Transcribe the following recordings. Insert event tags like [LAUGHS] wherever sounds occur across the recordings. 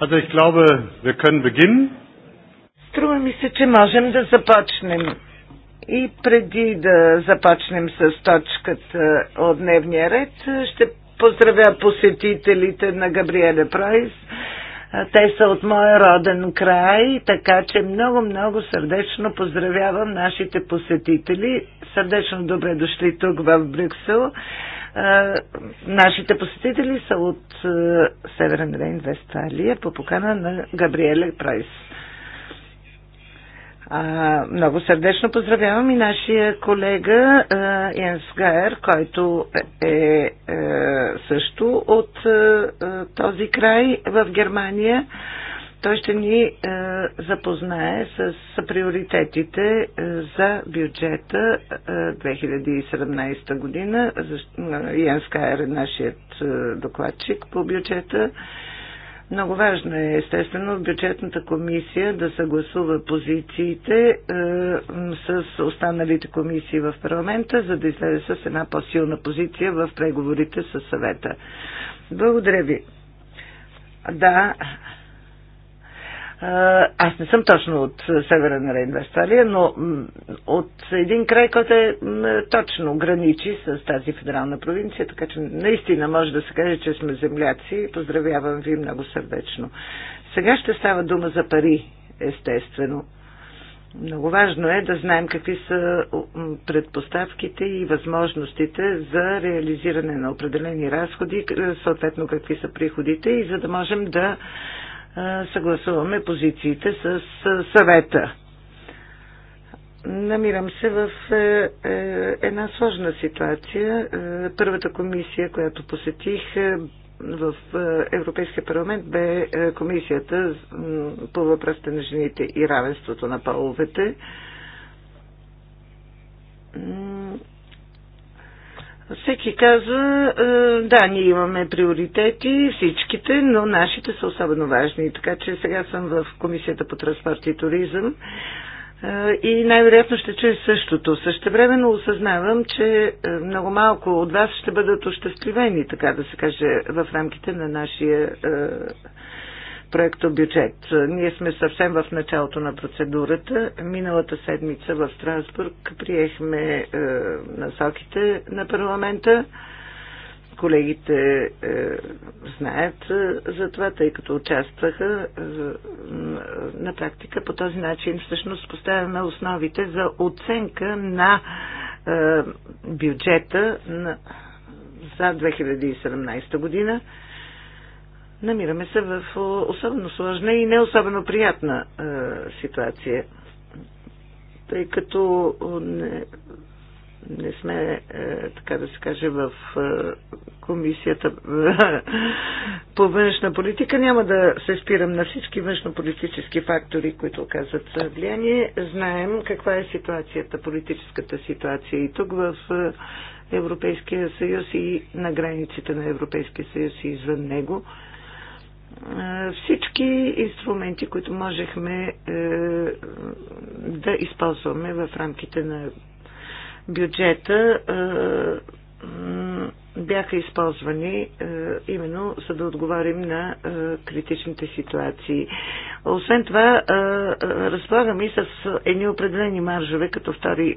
Also ich glaube, wir können beginnen. Струва ми се, че можем да започнем. И преди да започнем с точката от дневния ред, ще поздравя посетителите на Габриеле Пройс, Те са от моя роден край, така че много-много сърдечно поздравявам нашите посетители сърдечно добре дошли тук в Брюксел. Нашите посетители са от Северен Рейн, Весталия по покана на Габриеле Прайс. А, много сърдечно поздравявам и нашия колега а, Янс Гайер, който е, е също от е, този край в Германия. Той ще ни е, запознае с приоритетите е, за бюджета 2017 е, година. Янска е нашият докладчик по бюджета. Много важно е, естествено, бюджетната комисия да съгласува позициите е, с останалите комисии в парламента, за да излезе с една по-силна позиция в преговорите с съвета. Благодаря ви. Да, аз не съм точно от севера на Рейн-Вестфалия, но от един край, който е точно граничи с тази федерална провинция, така че наистина може да се каже, че сме земляци. Поздравявам ви много сърдечно. Сега ще става дума за пари, естествено. Много важно е да знаем какви са предпоставките и възможностите за реализиране на определени разходи, съответно какви са приходите и за да можем да съгласуваме позициите с съвета. Намирам се в е, е, една сложна ситуация. Е, първата комисия, която посетих в Европейския парламент, бе комисията по въпросите на жените и равенството на половете всеки каза, е, да, ние имаме приоритети, всичките, но нашите са особено важни. Така че сега съм в Комисията по транспорт и туризъм е, и най-вероятно ще чуя същото. Същевременно осъзнавам, че е, много малко от вас ще бъдат ощастливени, така да се каже, в рамките на нашия проекто бюджет. Ние сме съвсем в началото на процедурата. Миналата седмица в Страсбург приехме е, насоките на парламента. Колегите е, знаят е, за това, тъй като участваха. Е, на практика по този начин всъщност поставяме основите за оценка на е, бюджета на, за 2017 година. Намираме се в особено сложна и не особено приятна е, ситуация, тъй като не, не сме, е, така да се каже, в е, комисията [LAUGHS] по външна политика. Няма да се спирам на всички външнополитически фактори, които оказват влияние. Знаем каква е ситуацията, политическата ситуация и тук в е, Европейския съюз и на границите на Европейския съюз и извън него всички инструменти, които можехме е, да използваме в рамките на бюджета е, бяха използвани е, именно за да отговорим на е, критичните ситуации. Освен това, е, разполагаме и с едни определени маржове като втори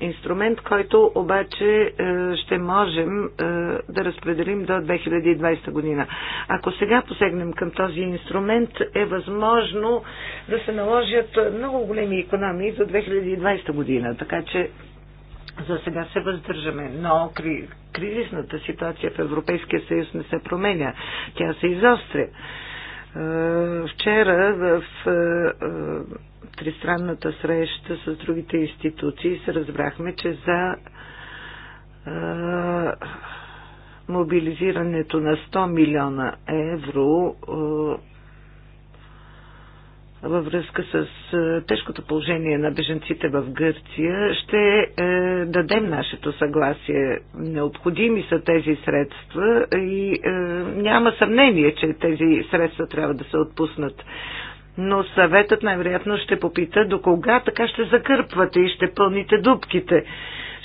инструмент, който обаче ще можем да разпределим до 2020 година. Ако сега посегнем към този инструмент, е възможно да се наложат много големи економии за 2020 година. Така че за сега се въздържаме, но кри, кризисната ситуация в Европейския съюз не се променя. Тя се изостря. Е, вчера в е, е, тристранната среща с другите институции се разбрахме, че за мобилизирането на 100 милиона евро във връзка с е, тежкото положение на беженците в Гърция, ще е, дадем нашето съгласие. Необходими са тези средства и е, няма съмнение, че тези средства трябва да се отпуснат. Но съветът най-вероятно ще попита до кога така ще закърпвате и ще пълните дубките.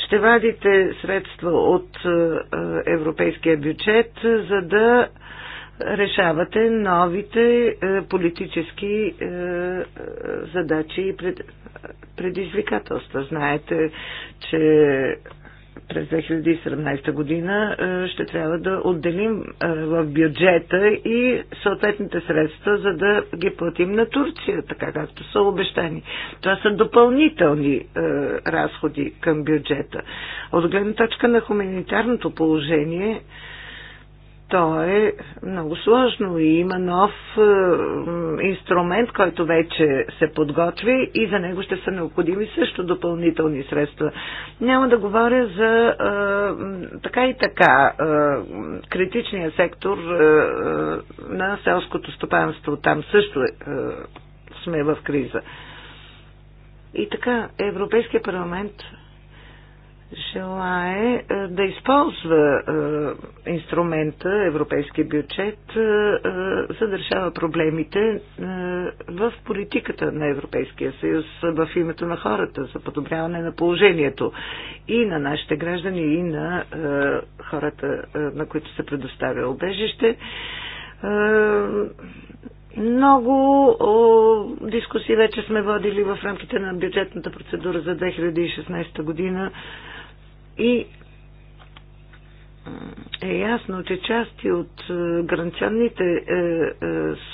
Ще вадите средства от европейския бюджет, за да решавате новите е, политически е, е, задачи и предизвикателства. Знаете, че през 2017 година ще трябва да отделим в бюджета и съответните средства, за да ги платим на Турция, така както са обещани. Това са допълнителни разходи към бюджета. От гледна точка на хуманитарното положение, то е много сложно и има нов е, инструмент, който вече се подготви и за него ще са необходими също допълнителни средства. Няма да говоря за е, така и така е, критичния сектор на селското стопанство. Там също сме в криза. И така, Европейския парламент желае е, да използва е, инструмента Европейския бюджет, е, за да решава проблемите в политиката на Европейския съюз в името на хората за подобряване на положението и на нашите граждани и на хората, на които се предоставя обежище много о, дискусии вече сме водили в рамките на бюджетната процедура за 2016 година и е, е ясно, че части от е, гаранционните е,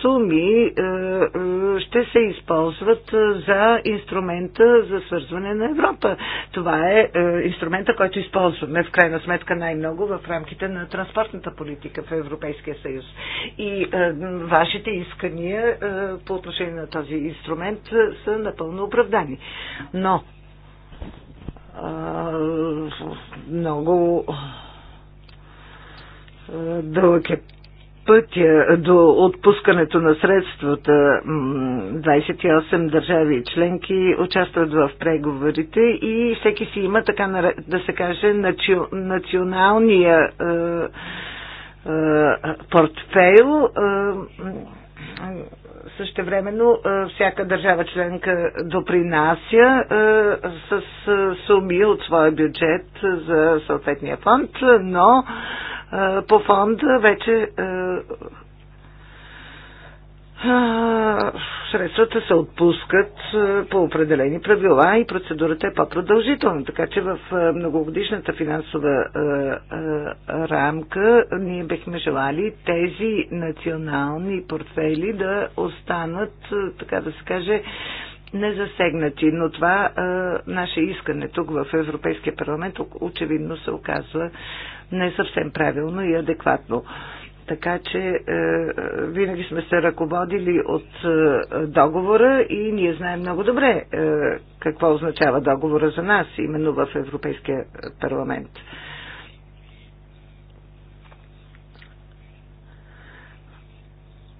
суми ще се използват за инструмента за свързване на Европа. Това е инструмента, който използваме в крайна сметка най-много в рамките на транспортната политика в Европейския съюз. И вашите искания по отношение на този инструмент са напълно оправдани. Но много дълъг е пътя до отпускането на средствата. 28 държави и членки участват в преговорите и всеки си има, така да се каже, националния е, е, портфейл. Е, същевременно всяка държава членка допринася с суми от своя бюджет за съответния фонд, но по фонд вече средствата се отпускат по определени правила и процедурата е по-продължителна. Така че в многогодишната финансова рамка ние бихме желали тези национални портфели да останат, така да се каже, незасегнати. Но това наше искане тук в Европейския парламент очевидно се оказва не е съвсем правилно и адекватно. Така че е, е, винаги сме се ръководили от е, договора и ние знаем много добре е, какво означава договора за нас, именно в Европейския парламент.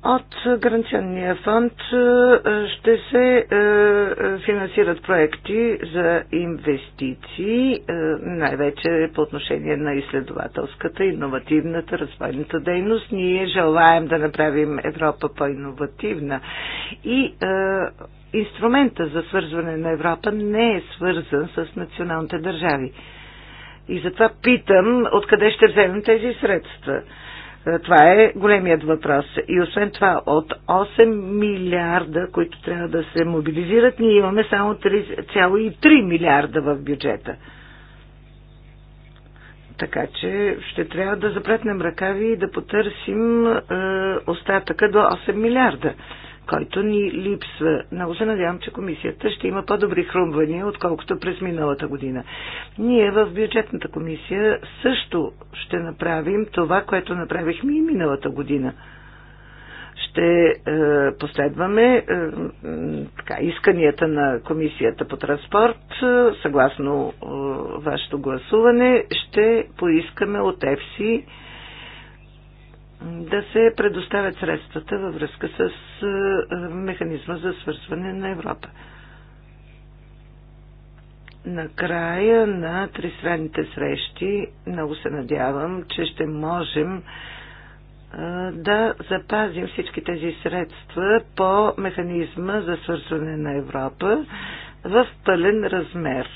От гаранционния фонд е, ще се е, е, финансират проекти за инвестиции, най-вече по отношение на изследователската, иновативната, развойната дейност. Ние желаем да направим Европа по-инновативна и инструмента за свързване на Европа не е свързан с националните държави. И затова питам, откъде ще вземем тези средства. Това е големият въпрос. И освен това, от 8 милиарда, които трябва да се мобилизират, ние имаме само 3,3 милиарда в бюджета. Така че ще трябва да запретнем ръкави и да потърсим е, остатъка до 8 милиарда който ни липсва. Много се надявам, че комисията ще има по-добри хрумвания, отколкото през миналата година. Ние в бюджетната комисия също ще направим това, което направихме и миналата година. Ще е, последваме е, така, исканията на комисията по транспорт, е, съгласно е, вашето гласуване, ще поискаме от ЕФСИ да се предоставят средствата във връзка с е, механизма за свързване на Европа. Накрая на тристранните срещи много се надявам, че ще можем е, да запазим всички тези средства по механизма за свързване на Европа в пълен размер.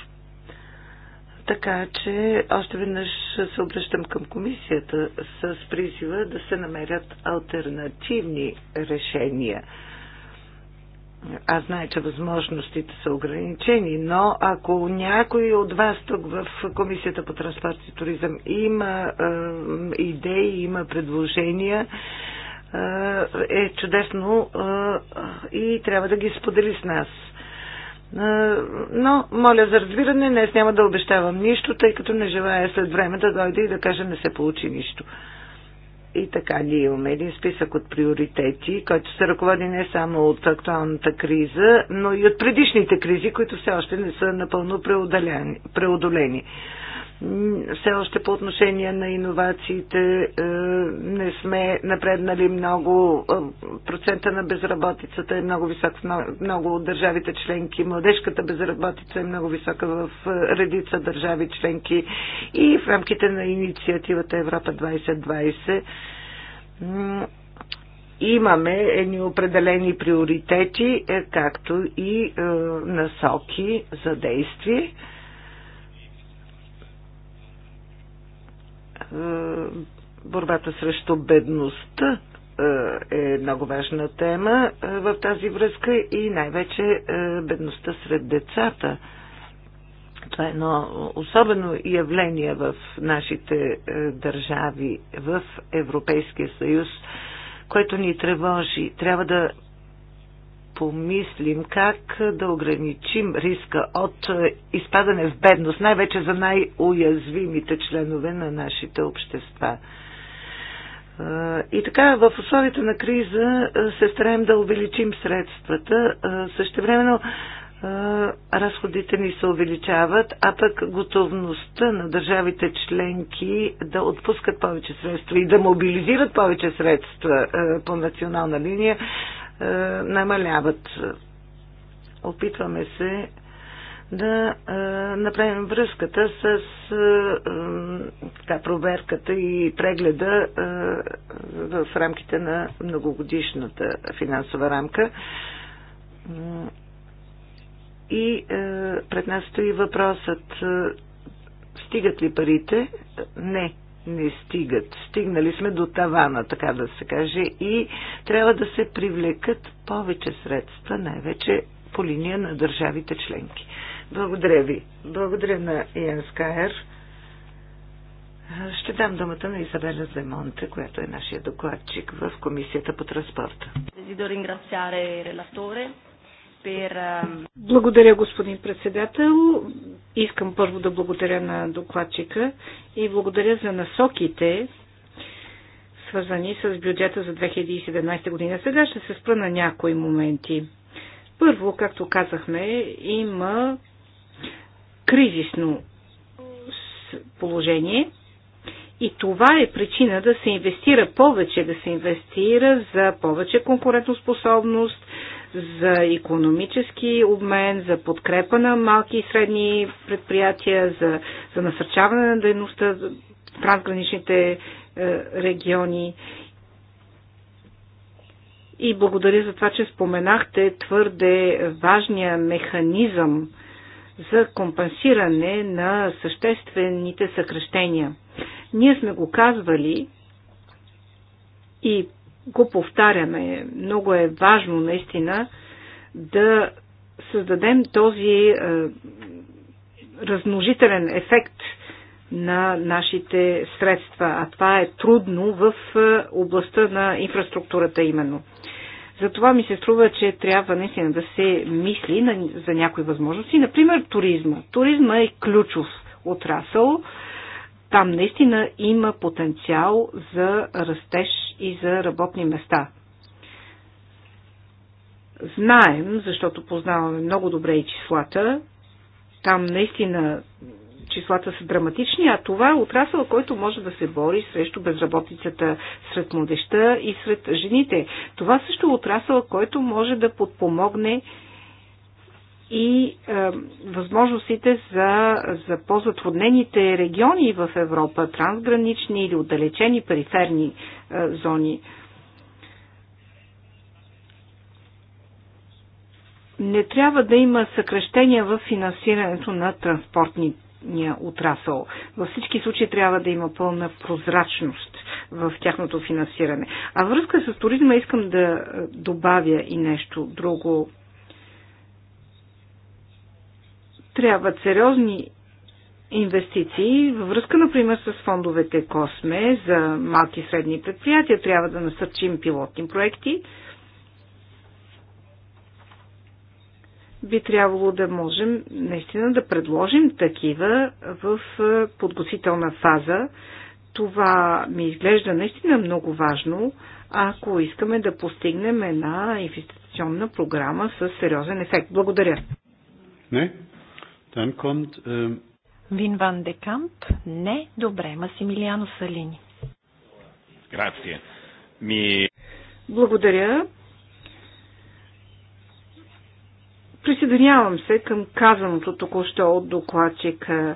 Така че още веднъж се обръщам към комисията с призива да се намерят альтернативни решения. Аз знае, че възможностите са ограничени, но ако някой от вас тук в Комисията по транспорт и туризъм има е, идеи, има предложения, е, е чудесно е, е, и трябва да ги сподели с нас. Е, но, моля за разбиране, днес няма да обещавам нищо, тъй като не желая след време да дойде и да кажа не се получи нищо. И така ние имаме един списък от приоритети, който се ръководи не само от актуалната криза, но и от предишните кризи, които все още не са напълно преодолени все още по отношение на иновациите е, не сме напреднали много. Е, процента на безработицата е много висок в много от държавите членки. Младежката безработица е много висока в е, редица държави членки. И в рамките на инициативата Европа 2020 имаме едни определени приоритети, както и насоки за действие Е, борбата срещу бедността е, е много важна тема е, в тази връзка и най-вече бедността сред децата. Това е едно особено явление в нашите държави, в Европейския съюз, което ни тревожи. Трябва да помислим как да ограничим риска от е, изпадане в бедност, най-вече за най-уязвимите членове на нашите общества. Е, и така, в условията на криза е, се стараем да увеличим средствата. Същевременно разходите ни се увеличават, а пък готовността на държавите членки да отпускат повече средства и да мобилизират повече средства по национална линия е, намаляват. Опитваме се да е, направим връзката с е, е, така, проверката и прегледа е, в рамките на многогодишната финансова рамка. И е, пред нас стои въпросът е, стигат ли парите? Не, не стигат. Стигнали сме до тавана, така да се каже, и трябва да се привлекат повече средства, най-вече по линия на държавите членки. Благодаря ви. Благодаря на Иен Скайер. Ще дам думата на Изабеля Земонте, която е нашия докладчик в Комисията по транспорта. Благодаря, господин председател. Искам първо да благодаря на докладчика и благодаря за насоките, свързани с бюджета за 2017 година. Сега ще се спра на някои моменти. Първо, както казахме, има кризисно положение и това е причина да се инвестира повече, да се инвестира за повече конкурентоспособност, за економически обмен, за подкрепа на малки и средни предприятия, за, за насърчаване на дейността в трансграничните е, региони. И благодаря за това, че споменахте твърде важния механизъм за компенсиране на съществените съкрещения. Ние сме го казвали и го повтаряме. Много е важно наистина да създадем този е, размножителен ефект на нашите средства, а това е трудно в е, областта на инфраструктурата именно. Затова ми се струва, че трябва наистина да се мисли за някои възможности. Например, туризма. Туризма е ключов отрасъл там наистина има потенциал за растеж и за работни места. Знаем, защото познаваме много добре и числата, там наистина числата са драматични, а това е отрасъл, който може да се бори срещу безработицата сред младеща и сред жените. Това също е отрасъл, който може да подпомогне и е, възможностите за, за по-затруднените региони в Европа, трансгранични или отдалечени периферни е, зони. Не трябва да има съкрещения в финансирането на транспортния отрасъл. Във всички случаи трябва да има пълна прозрачност в тяхното финансиране. А връзка с туризма искам да е, добавя и нещо друго Трябват сериозни инвестиции във връзка, например, с фондовете Косме за малки и средни предприятия. Трябва да насърчим пилотни проекти. Би трябвало да можем наистина да предложим такива в подготвителна фаза. Това ми изглежда наистина много важно, ако искаме да постигнем една инвестиционна програма с сериозен ефект. Благодаря. Не? Там комт, äh... Вин Ван Декамп? Не. Добре. Масимилиано Салини. Грация. Ми... Благодаря. Присъединявам се към казаното току-що от докладчика.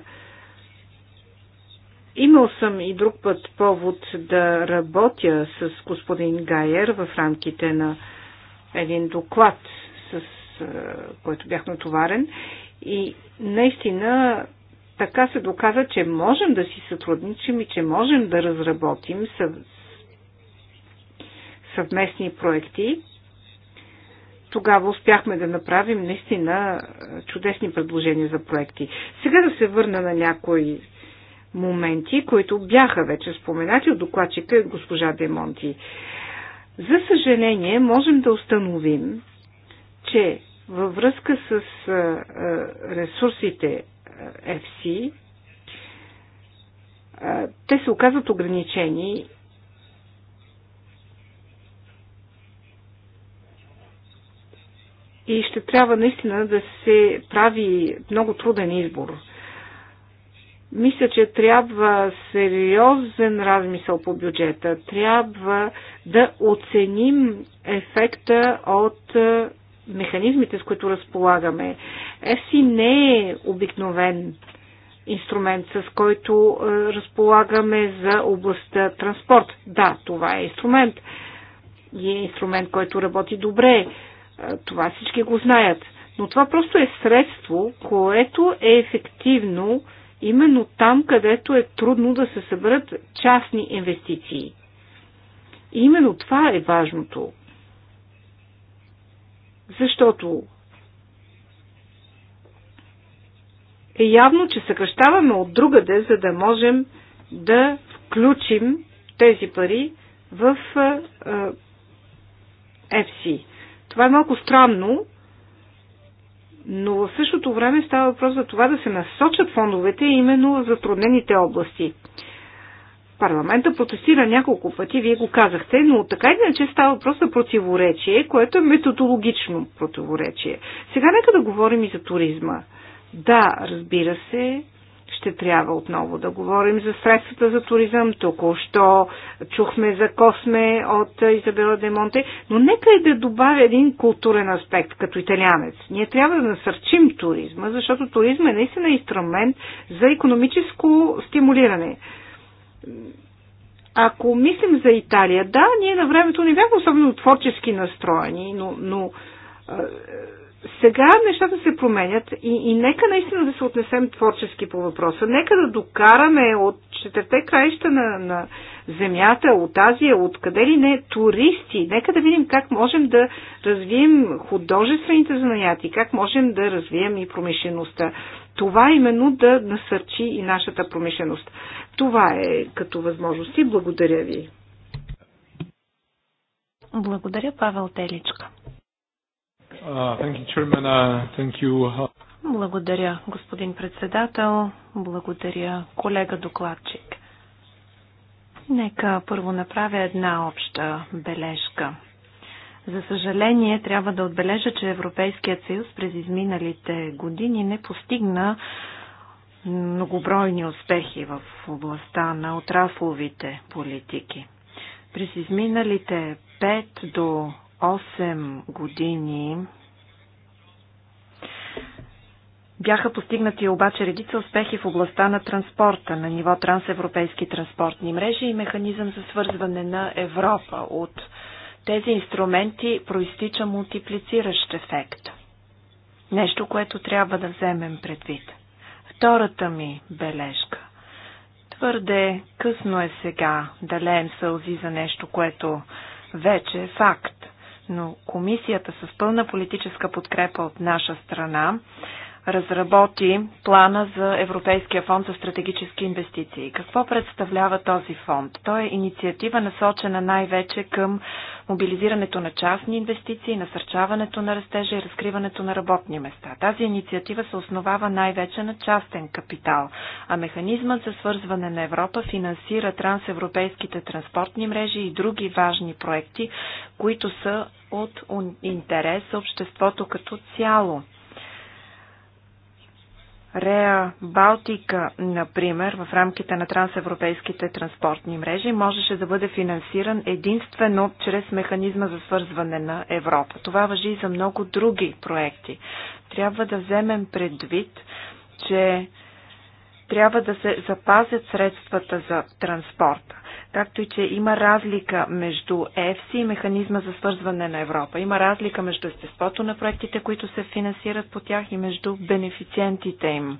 Имал съм и друг път повод да работя с господин Гайер в рамките на един доклад, с е, който бях натоварен. И наистина така се доказа, че можем да си сътрудничим и че можем да разработим съв... съвместни проекти. Тогава успяхме да направим наистина чудесни предложения за проекти. Сега да се върна на някои моменти, които бяха вече споменати от докладчика госпожа Демонти. За съжаление, можем да установим, че във връзка с ресурсите FC, те се оказват ограничени и ще трябва наистина да се прави много труден избор. Мисля, че трябва сериозен размисъл по бюджета. Трябва да оценим ефекта от механизмите, с които разполагаме. FC не е обикновен инструмент, с който е, разполагаме за областта транспорт. Да, това е инструмент. И е инструмент, който работи добре. Е, това всички го знаят. Но това просто е средство, което е ефективно именно там, където е трудно да се съберат частни инвестиции. И именно това е важното. Защото е явно, че съкръщаваме от другаде, за да можем да включим тези пари в FC. Това е малко странно, но в същото време става въпрос за това да се насочат фондовете именно в затруднените области. Парламента протестира няколко пъти, вие го казахте, но така иначе става въпрос за противоречие, което е методологично противоречие. Сега нека да говорим и за туризма. Да, разбира се, ще трябва отново да говорим за средствата за туризъм. Току-що чухме за Косме от Изабела Демонте, но нека и да добавя един културен аспект като италянец. Ние трябва да насърчим туризма, защото туризма е наистина инструмент за економическо стимулиране ако мислим за Италия, да, ние на времето не бяхме особено творчески настроени, но, но а, сега нещата се променят и, и нека наистина да се отнесем творчески по въпроса. Нека да докараме от четирте краища на, на земята, от Азия, от къде ли не, туристи. Нека да видим как можем да развием художествените занаяти, как можем да развием и промишлеността това именно да насърчи и нашата промишленост. Това е като възможности. Благодаря ви. Благодаря, Павел Теличка. Uh, uh, uh, Благодаря, господин председател. Благодаря, колега докладчик. Нека първо направя една обща бележка. За съжаление, трябва да отбележа, че Европейският съюз през изминалите години не постигна многобройни успехи в областта на отрасловите политики. През изминалите 5 до 8 години бяха постигнати обаче редица успехи в областта на транспорта на ниво трансевропейски транспортни мрежи и механизъм за свързване на Европа от тези инструменти проистича мултиплициращ ефект. Нещо, което трябва да вземем предвид. Втората ми бележка. Твърде късно е сега да леем сълзи за нещо, което вече е факт. Но комисията с пълна политическа подкрепа от наша страна разработи плана за Европейския фонд за стратегически инвестиции. Какво представлява този фонд? Той е инициатива насочена най-вече към мобилизирането на частни инвестиции, насърчаването на растежа и разкриването на работни места. Тази инициатива се основава най-вече на частен капитал, а механизмът за свързване на Европа финансира трансевропейските транспортни мрежи и други важни проекти, които са от интерес за обществото като цяло. Реа Балтика, например, в рамките на трансевропейските транспортни мрежи, можеше да бъде финансиран единствено чрез механизма за свързване на Европа. Това въжи и за много други проекти. Трябва да вземем предвид, че трябва да се запазят средствата за транспорта както и че има разлика между ЕФСИ и механизма за свързване на Европа. Има разлика между естеството на проектите, които се финансират по тях и между бенефициентите им.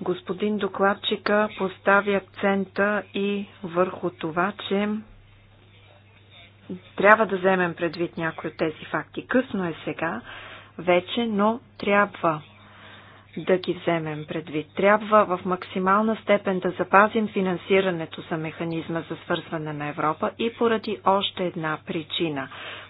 Господин докладчика постави акцента и върху това, че трябва да вземем предвид някои от тези факти. Късно е сега вече, но трябва да ги вземем предвид. Трябва в максимална степен да запазим финансирането за механизма за свързване на Европа и поради още една причина.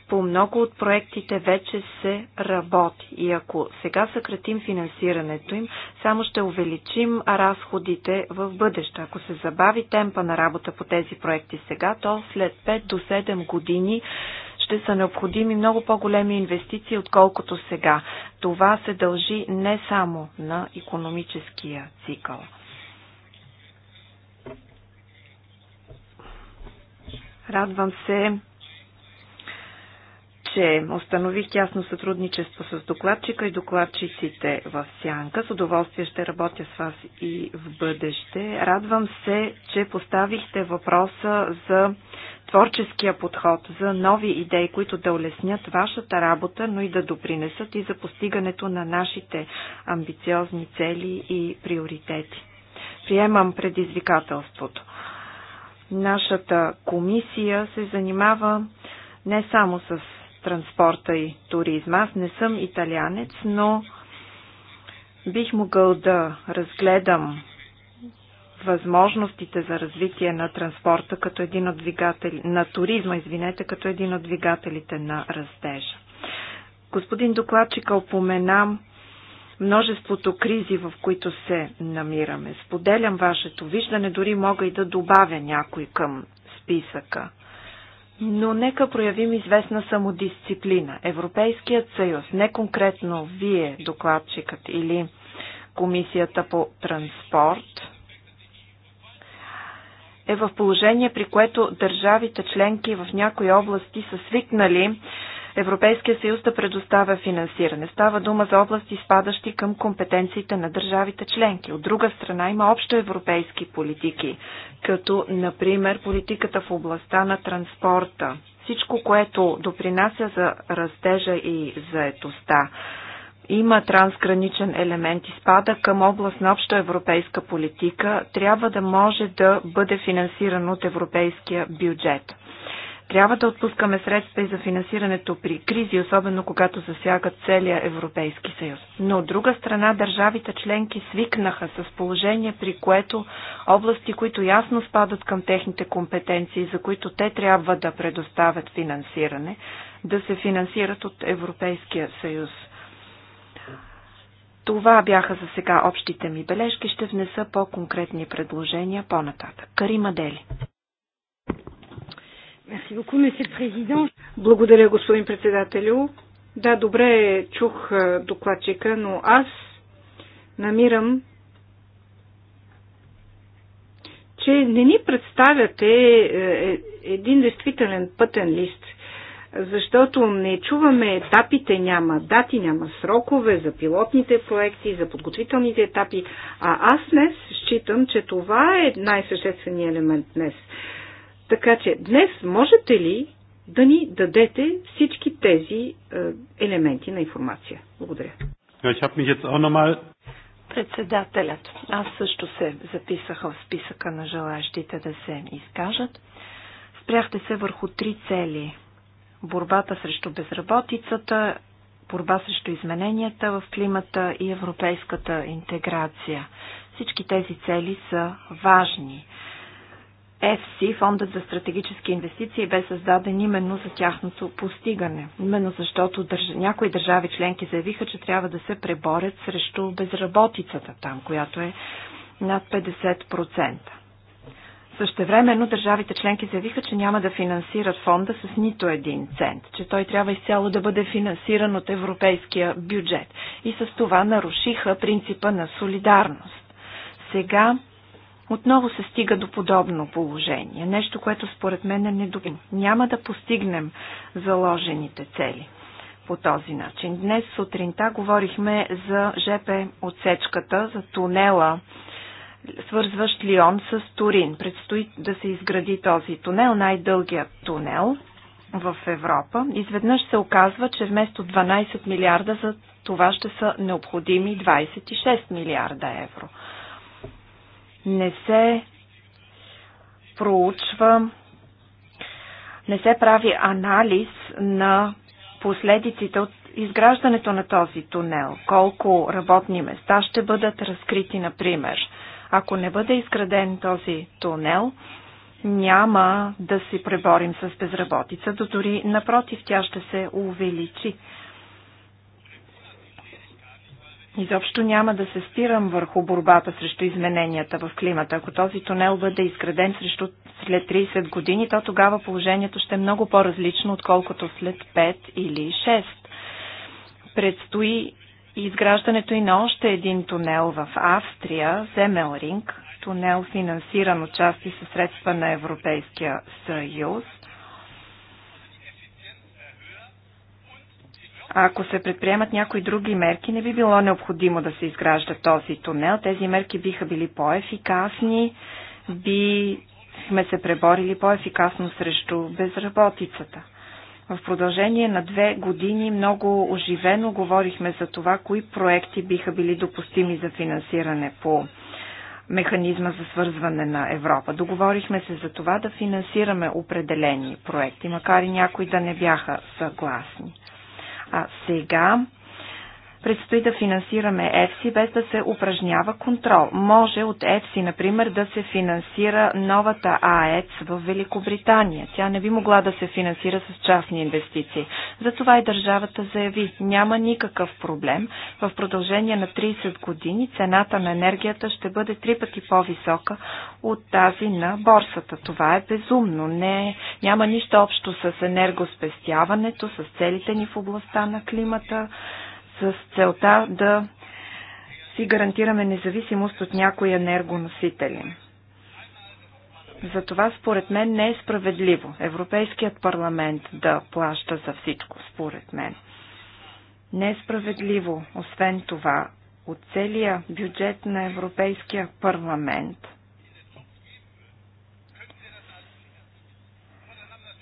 По много от проектите вече се работи и ако сега съкратим финансирането им, само ще увеличим разходите в бъдеще. Ако се забави темпа на работа по тези проекти сега, то след 5 до 7 години ще са необходими много по-големи инвестиции, отколкото сега. Това се дължи не само на економическия цикъл. Радвам се, че установих тясно сътрудничество с докладчика и докладчиците в Сянка. С удоволствие ще работя с вас и в бъдеще. Радвам се, че поставихте въпроса за творческия подход, за нови идеи, които да улеснят вашата работа, но и да допринесат и за постигането на нашите амбициозни цели и приоритети. Приемам предизвикателството. Нашата комисия се занимава не само с транспорта и туризма. Аз не съм италянец, но бих могъл да разгледам възможностите за развитие на транспорта като един от двигатели, на туризма, извинете, като един от двигателите на растежа. Господин докладчика упоменам множеството кризи, в които се намираме. Споделям вашето виждане, дори мога и да добавя някой към списъка – но нека проявим известна самодисциплина. Европейският съюз, не конкретно вие, докладчикът или комисията по транспорт, е в положение, при което държавите членки в някои области са свикнали Европейския съюз да предоставя финансиране. Става дума за области, спадащи към компетенциите на държавите членки. От друга страна има общо европейски политики, като например политиката в областта на транспорта. Всичко, което допринася за растежа и заетостта има трансграничен елемент и спада към област на обща европейска политика, трябва да може да бъде финансиран от европейския бюджет. Трябва да отпускаме средства и за финансирането при кризи, особено когато засягат целия Европейски съюз. Но от друга страна държавите членки свикнаха с положение, при което области, които ясно спадат към техните компетенции, за които те трябва да предоставят финансиране, да се финансират от Европейския съюз. Това бяха за сега общите ми бележки. Ще внеса по-конкретни предложения по-нататък. Карима Дели. Благодаря, господин председателю. Да, добре е, чух е, докладчика, но аз намирам, че не ни представяте е, един действителен пътен лист, защото не чуваме етапите, няма дати, няма срокове за пилотните проекти, за подготвителните етапи, а аз днес считам, че това е най-същественият елемент днес. Така че днес можете ли да ни дадете всички тези е, елементи на информация? Благодаря. Председателят, аз също се записах в списъка на желаящите да се изкажат. Спряхте се върху три цели. Борбата срещу безработицата, борба срещу измененията в климата и европейската интеграция. Всички тези цели са важни. ЕФСИ, Фондът за стратегически инвестиции, бе създаден именно за тяхното постигане. Именно защото държ... някои държави членки заявиха, че трябва да се преборят срещу безработицата там, която е над 50%. Същевременно държавите членки заявиха, че няма да финансират фонда с нито един цент, че той трябва изцяло да бъде финансиран от европейския бюджет. И с това нарушиха принципа на солидарност. Сега отново се стига до подобно положение. Нещо, което според мен е недопустимо. Няма да постигнем заложените цели по този начин. Днес сутринта говорихме за ЖП отсечката, за тунела, свързващ Лион с Турин. Предстои да се изгради този тунел, най-дългият тунел в Европа. Изведнъж се оказва, че вместо 12 милиарда за това ще са необходими 26 милиарда евро не се проучва, не се прави анализ на последиците от изграждането на този тунел. Колко работни места ще бъдат разкрити, например. Ако не бъде изграден този тунел, няма да се преборим с безработицата, дори напротив, тя ще се увеличи. Изобщо няма да се спирам върху борбата срещу измененията в климата. Ако този тунел бъде изграден срещу след 30 години, то тогава положението ще е много по-различно, отколкото след 5 или 6. Предстои изграждането и на още един тунел в Австрия, Земелринг, тунел финансиран от части със средства на Европейския съюз – ако се предприемат някои други мерки, не би било необходимо да се изгражда този тунел. Тези мерки биха били по-ефикасни, би сме се преборили по-ефикасно срещу безработицата. В продължение на две години много оживено говорихме за това, кои проекти биха били допустими за финансиране по механизма за свързване на Европа. Договорихме се за това да финансираме определени проекти, макар и някои да не бяха съгласни. А сега предстои да финансираме ЕФСИ без да се упражнява контрол. Може от ЕФСИ, например, да се финансира новата АЕЦ в Великобритания. Тя не би могла да се финансира с частни инвестиции. Затова и държавата заяви, няма никакъв проблем. В продължение на 30 години цената на енергията ще бъде три пъти по-висока от тази на борсата. Това е безумно. Не, няма нищо общо с енергоспестяването, с целите ни в областта на климата с целта да си гарантираме независимост от някои енергоносители. Затова според мен не е справедливо Европейският парламент да плаща за всичко, според мен. Не е справедливо, освен това, от целия бюджет на Европейския парламент –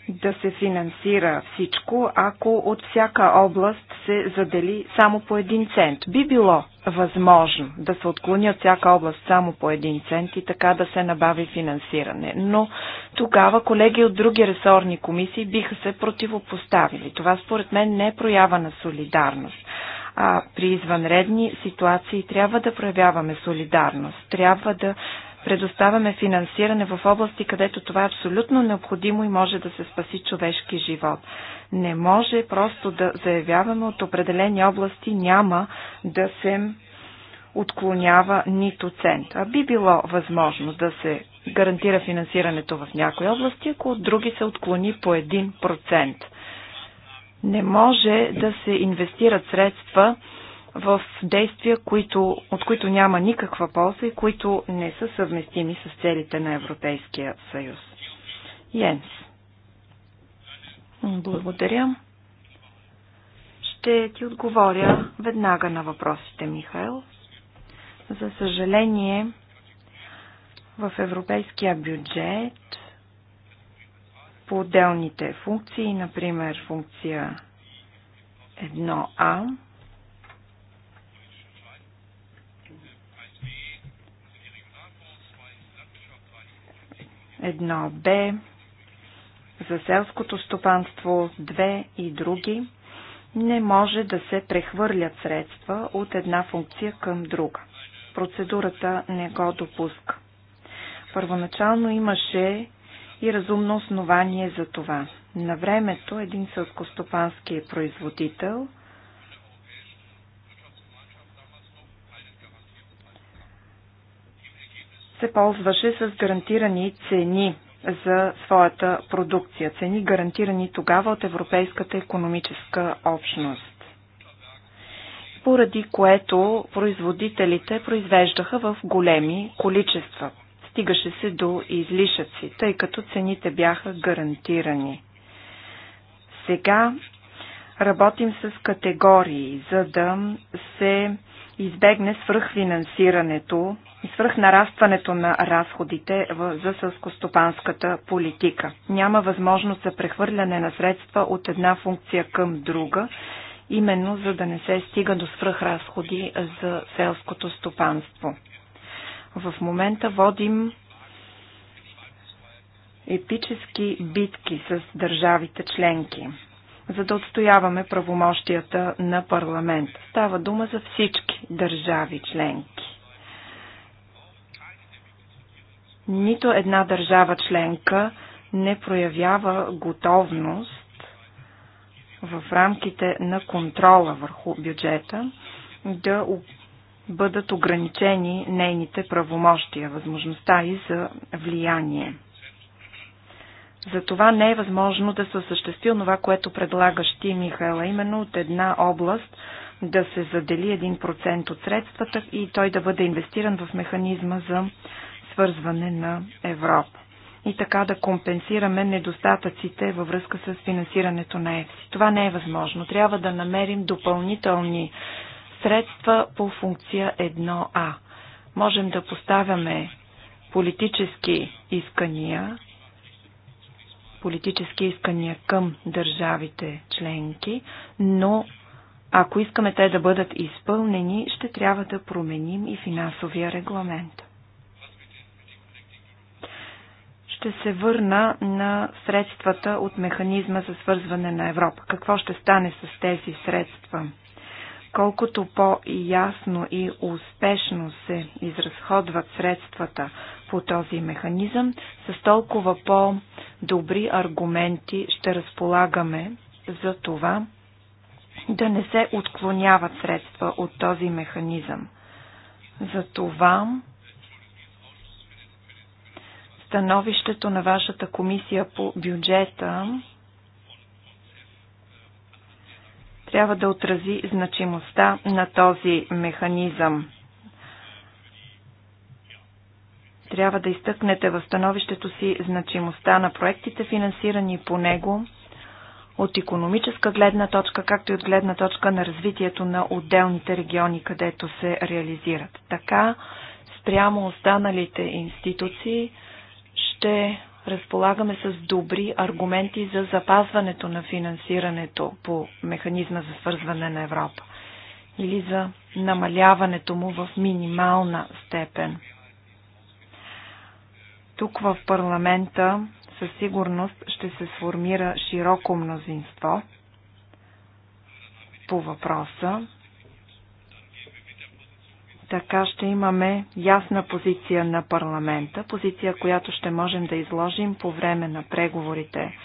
да се финансира всичко, ако от всяка област се задели само по един цент. Би било възможно да се отклони от всяка област само по един цент и така да се набави финансиране. Но тогава колеги от други ресорни комисии биха се противопоставили. Това според мен не е проява на солидарност. А при извънредни ситуации трябва да проявяваме солидарност. Трябва да предоставяме финансиране в области, където това е абсолютно необходимо и може да се спаси човешки живот. Не може просто да заявяваме от определени области няма да се отклонява нито цент. А би било възможно да се гарантира финансирането в някои области, ако от други се отклони по 1%. Не може да се инвестират средства в действия, които, от които няма никаква полза и които не са съвместими с целите на Европейския съюз. Йенс. Благодаря. Ще ти отговоря веднага на въпросите, Михаил. За съжаление, в европейския бюджет по отделните функции, например функция 1А, 1Б, за селското стопанство 2 и други, не може да се прехвърлят средства от една функция към друга. Процедурата не го допуска. Първоначално имаше и разумно основание за това. На времето един селскостопански производител – се ползваше с гарантирани цени за своята продукция. Цени гарантирани тогава от Европейската економическа общност. Поради което производителите произвеждаха в големи количества. Стигаше се до излишъци, тъй като цените бяха гарантирани. Сега работим с категории, за да се избегне свръхфинансирането и свръхнарастването на разходите за сълскостопанската политика. Няма възможност за прехвърляне на средства от една функция към друга, именно за да не се стига до свръхразходи за селското стопанство. В момента водим епически битки с държавите членки, за да отстояваме правомощията на парламент. Става дума за всички държави членки. Нито една държава членка не проявява готовност в рамките на контрола върху бюджета да бъдат ограничени нейните правомощия, възможността и за влияние. Затова не е възможно да се осъществи това, което предлагаш ти, Михайла, именно от една област да се задели 1% от средствата и той да бъде инвестиран в механизма за свързване на Европа и така да компенсираме недостатъците във връзка с финансирането на ЕФСИ. Това не е възможно. Трябва да намерим допълнителни средства по функция 1А. Можем да поставяме политически искания, политически искания към държавите членки, но ако искаме те да бъдат изпълнени, ще трябва да променим и финансовия регламент. Ще се върна на средствата от механизма за свързване на Европа. Какво ще стане с тези средства? Колкото по-ясно и успешно се изразходват средствата по този механизъм, с толкова по-добри аргументи ще разполагаме за това да не се отклоняват средства от този механизъм. За това становището на вашата комисия по бюджета трябва да отрази значимостта на този механизъм. Трябва да изтъкнете в становището си значимостта на проектите, финансирани по него, от економическа гледна точка, както и от гледна точка на развитието на отделните региони, където се реализират. Така, спрямо останалите институции, ще разполагаме с добри аргументи за запазването на финансирането по механизма за свързване на Европа или за намаляването му в минимална степен. Тук в парламента със сигурност ще се сформира широко мнозинство по въпроса. Така ще имаме ясна позиция на парламента, позиция, която ще можем да изложим по време на преговорите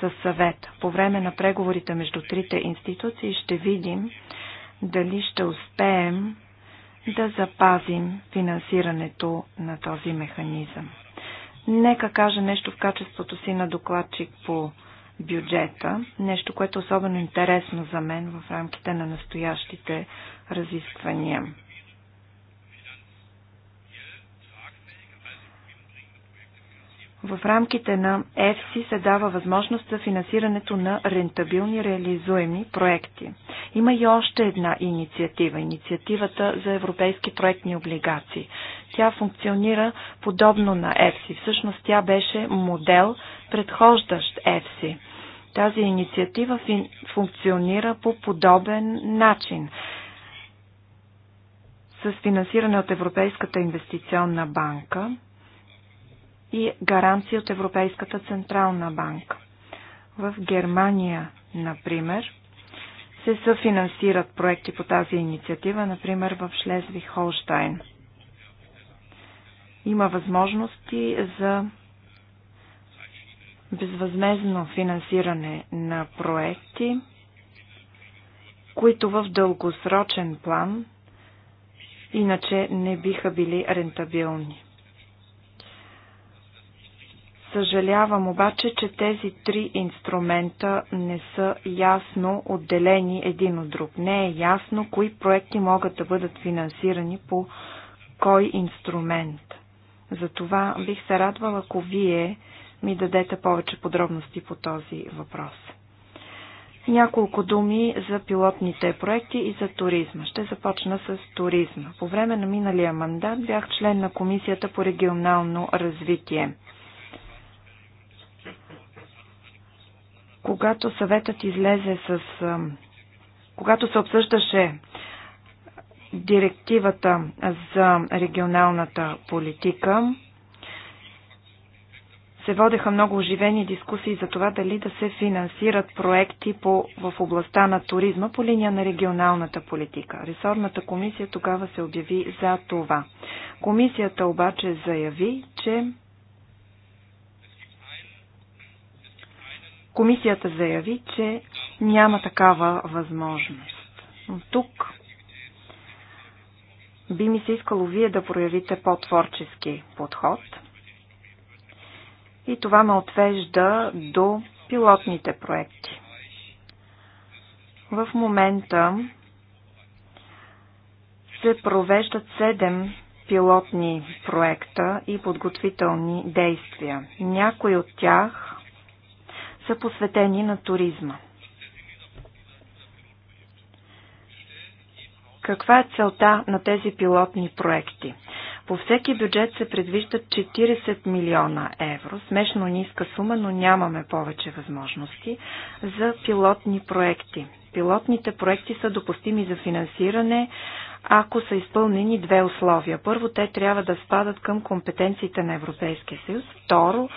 със съвет, По време на преговорите между трите институции ще видим дали ще успеем да запазим финансирането на този механизъм. Нека кажа нещо в качеството си на докладчик по бюджета, нещо, което е особено интересно за мен в рамките на настоящите разисквания. В рамките на ЕФСИ се дава възможност за финансирането на рентабилни реализуеми проекти. Има и още една инициатива инициативата за европейски проектни облигации. Тя функционира подобно на ЕФСИ. Всъщност тя беше модел, предхождащ ЕФСИ. Тази инициатива функционира по подобен начин с финансиране от Европейската инвестиционна банка и гаранции от Европейската Централна банка. В Германия, например, се съфинансират проекти по тази инициатива, например в Шлезвиг Холштайн. Има възможности за безвъзмезно финансиране на проекти, които в дългосрочен план иначе не биха били рентабилни. Съжалявам обаче, че тези три инструмента не са ясно отделени един от друг. Не е ясно кои проекти могат да бъдат финансирани по кой инструмент. Затова бих се радвала, ако вие ми дадете повече подробности по този въпрос. Няколко думи за пилотните проекти и за туризма. Ще започна с туризма. По време на миналия мандат бях член на Комисията по регионално развитие. Когато съветът излезе с... Когато се обсъждаше директивата за регионалната политика, се водеха много оживени дискусии за това дали да се финансират проекти по, в областта на туризма по линия на регионалната политика. Ресорната комисия тогава се обяви за това. Комисията обаче заяви, че Комисията заяви, че няма такава възможност. Но тук би ми се искало вие да проявите по-творчески подход. И това ме отвежда до пилотните проекти. В момента се провеждат 7 пилотни проекта и подготвителни действия. Някои от тях са посветени на туризма. Каква е целта на тези пилотни проекти? По всеки бюджет се предвиждат 40 милиона евро, смешно ниска сума, но нямаме повече възможности за пилотни проекти. Пилотните проекти са допустими за финансиране, ако са изпълнени две условия. Първо, те трябва да спадат към компетенциите на Европейския съюз. Второ,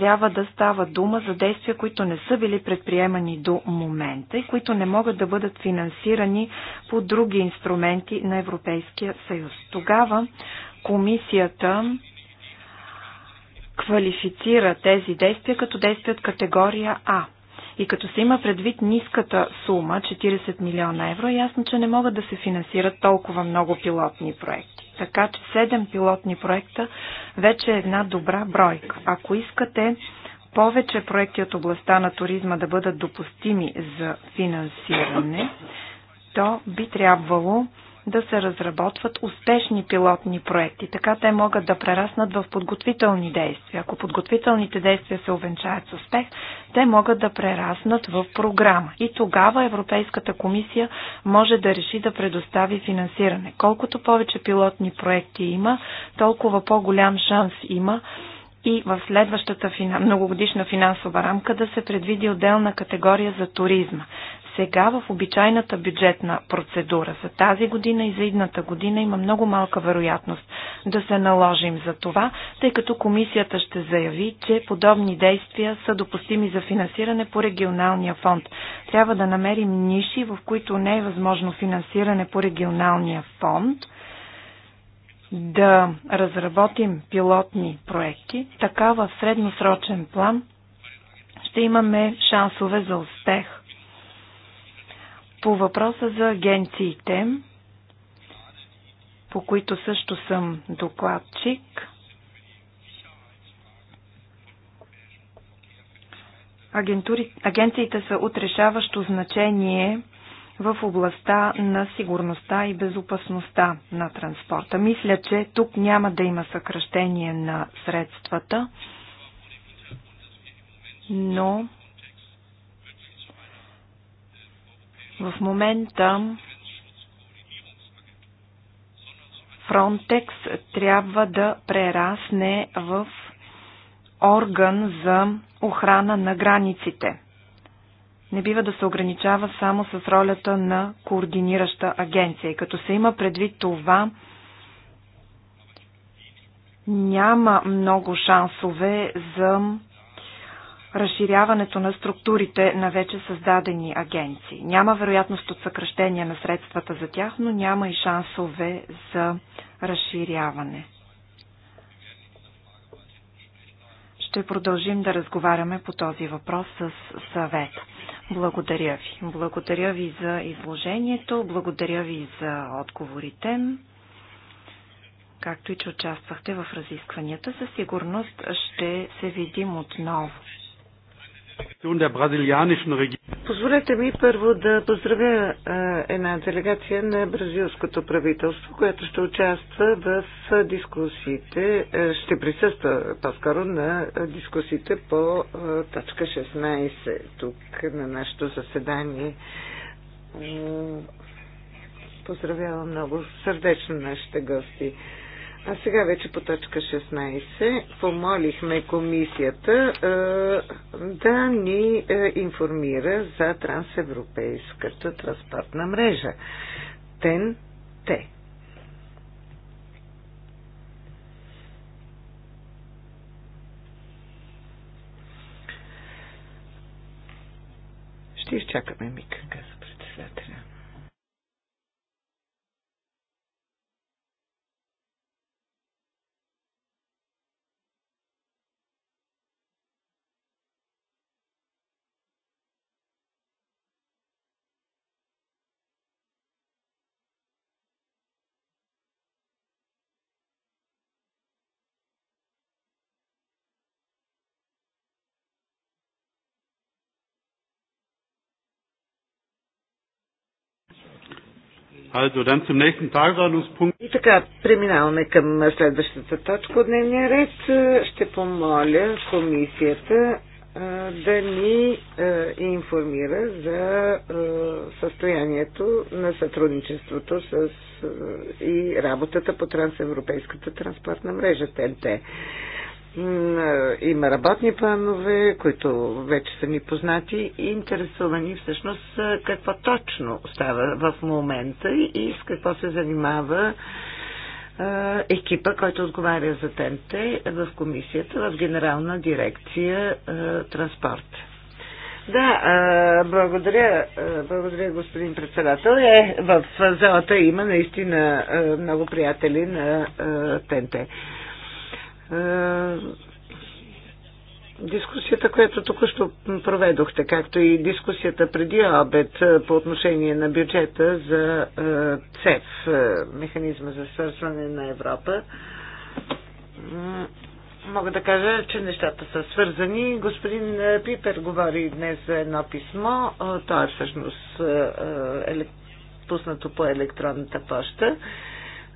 трябва да става дума за действия, които не са били предприемани до момента и които не могат да бъдат финансирани по други инструменти на Европейския съюз. Тогава комисията квалифицира тези действия като действия от категория А. И като се има предвид ниската сума, 40 милиона евро, е ясно, че не могат да се финансират толкова много пилотни проекти. Така че 7 пилотни проекта вече е една добра бройка. Ако искате повече проекти от областта на туризма да бъдат допустими за финансиране, то би трябвало да се разработват успешни пилотни проекти. Така те могат да прераснат в подготвителни действия. Ако подготвителните действия се увенчаят с успех, те могат да прераснат в програма. И тогава Европейската комисия може да реши да предостави финансиране. Колкото повече пилотни проекти има, толкова по-голям шанс има и в следващата многогодишна финансова рамка да се предвиди отделна категория за туризма сега в обичайната бюджетна процедура за тази година и за идната година има много малка вероятност да се наложим за това, тъй като комисията ще заяви, че подобни действия са допустими за финансиране по регионалния фонд. Трябва да намерим ниши, в които не е възможно финансиране по регионалния фонд – да разработим пилотни проекти, така в средносрочен план ще имаме шансове за успех. По въпроса за агенциите, по които също съм докладчик, агентури... агенциите са от решаващо значение в областта на сигурността и безопасността на транспорта. Мисля, че тук няма да има съкръщение на средствата, но В момента Фронтекс трябва да прерасне в орган за охрана на границите. Не бива да се ограничава само с ролята на координираща агенция. И като се има предвид това, няма много шансове за разширяването на структурите на вече създадени агенции. Няма вероятност от съкръщение на средствата за тях, но няма и шансове за разширяване. Ще продължим да разговаряме по този въпрос с съвет. Благодаря ви. Благодаря ви за изложението, благодаря ви за отговорите както и че участвахте в разискванията, със сигурност ще се видим отново. Позволете ми първо да поздравя една делегация на бразилското правителство, която ще участва в дискусиите, ще присъства по-скоро на дискусиите по точка 16 тук на нашето заседание. Поздравявам много сърдечно нашите гости. А сега вече по точка 16 помолихме комисията е, да ни е, информира за трансевропейската транспортна мрежа. ТЕН-Т. Ще изчакаме мика. И така, преминаваме към следващата точка от дневния ред. Ще помоля комисията да ни информира за състоянието на сътрудничеството с и работата по трансевропейската транспортна мрежа ТНТ. Е, има работни планове, които вече са ми познати и интересувани всъщност е, какво точно става в момента и с какво се занимава е, екипа, който отговаря за ТНТ в комисията в Генерална дирекция транспорт. Да, благодаря, благодаря господин председател. Е, в залата има наистина много приятели на ТНТ. Е, дискусията, която току-що проведохте, както и дискусията преди обед е, по отношение на бюджета за е, ЦЕФ, механизма за свързване на Европа. Мога да кажа, че нещата са свързани. Господин Пипер говори днес за едно писмо. То е всъщност пуснато по електронната поща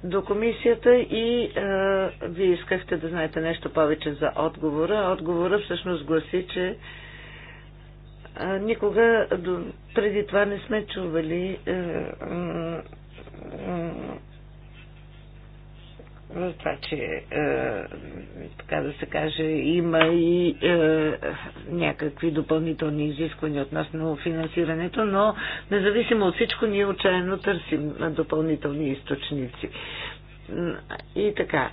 до комисията и а, е, вие искахте да знаете нещо повече за отговора. Отговора всъщност гласи, че а, е, никога до, преди това не сме чували а, е, а, в това, че е, така да се каже, има и е, някакви допълнителни изисквания относно финансирането, но независимо от всичко, ние отчаяно търсим допълнителни източници. И така,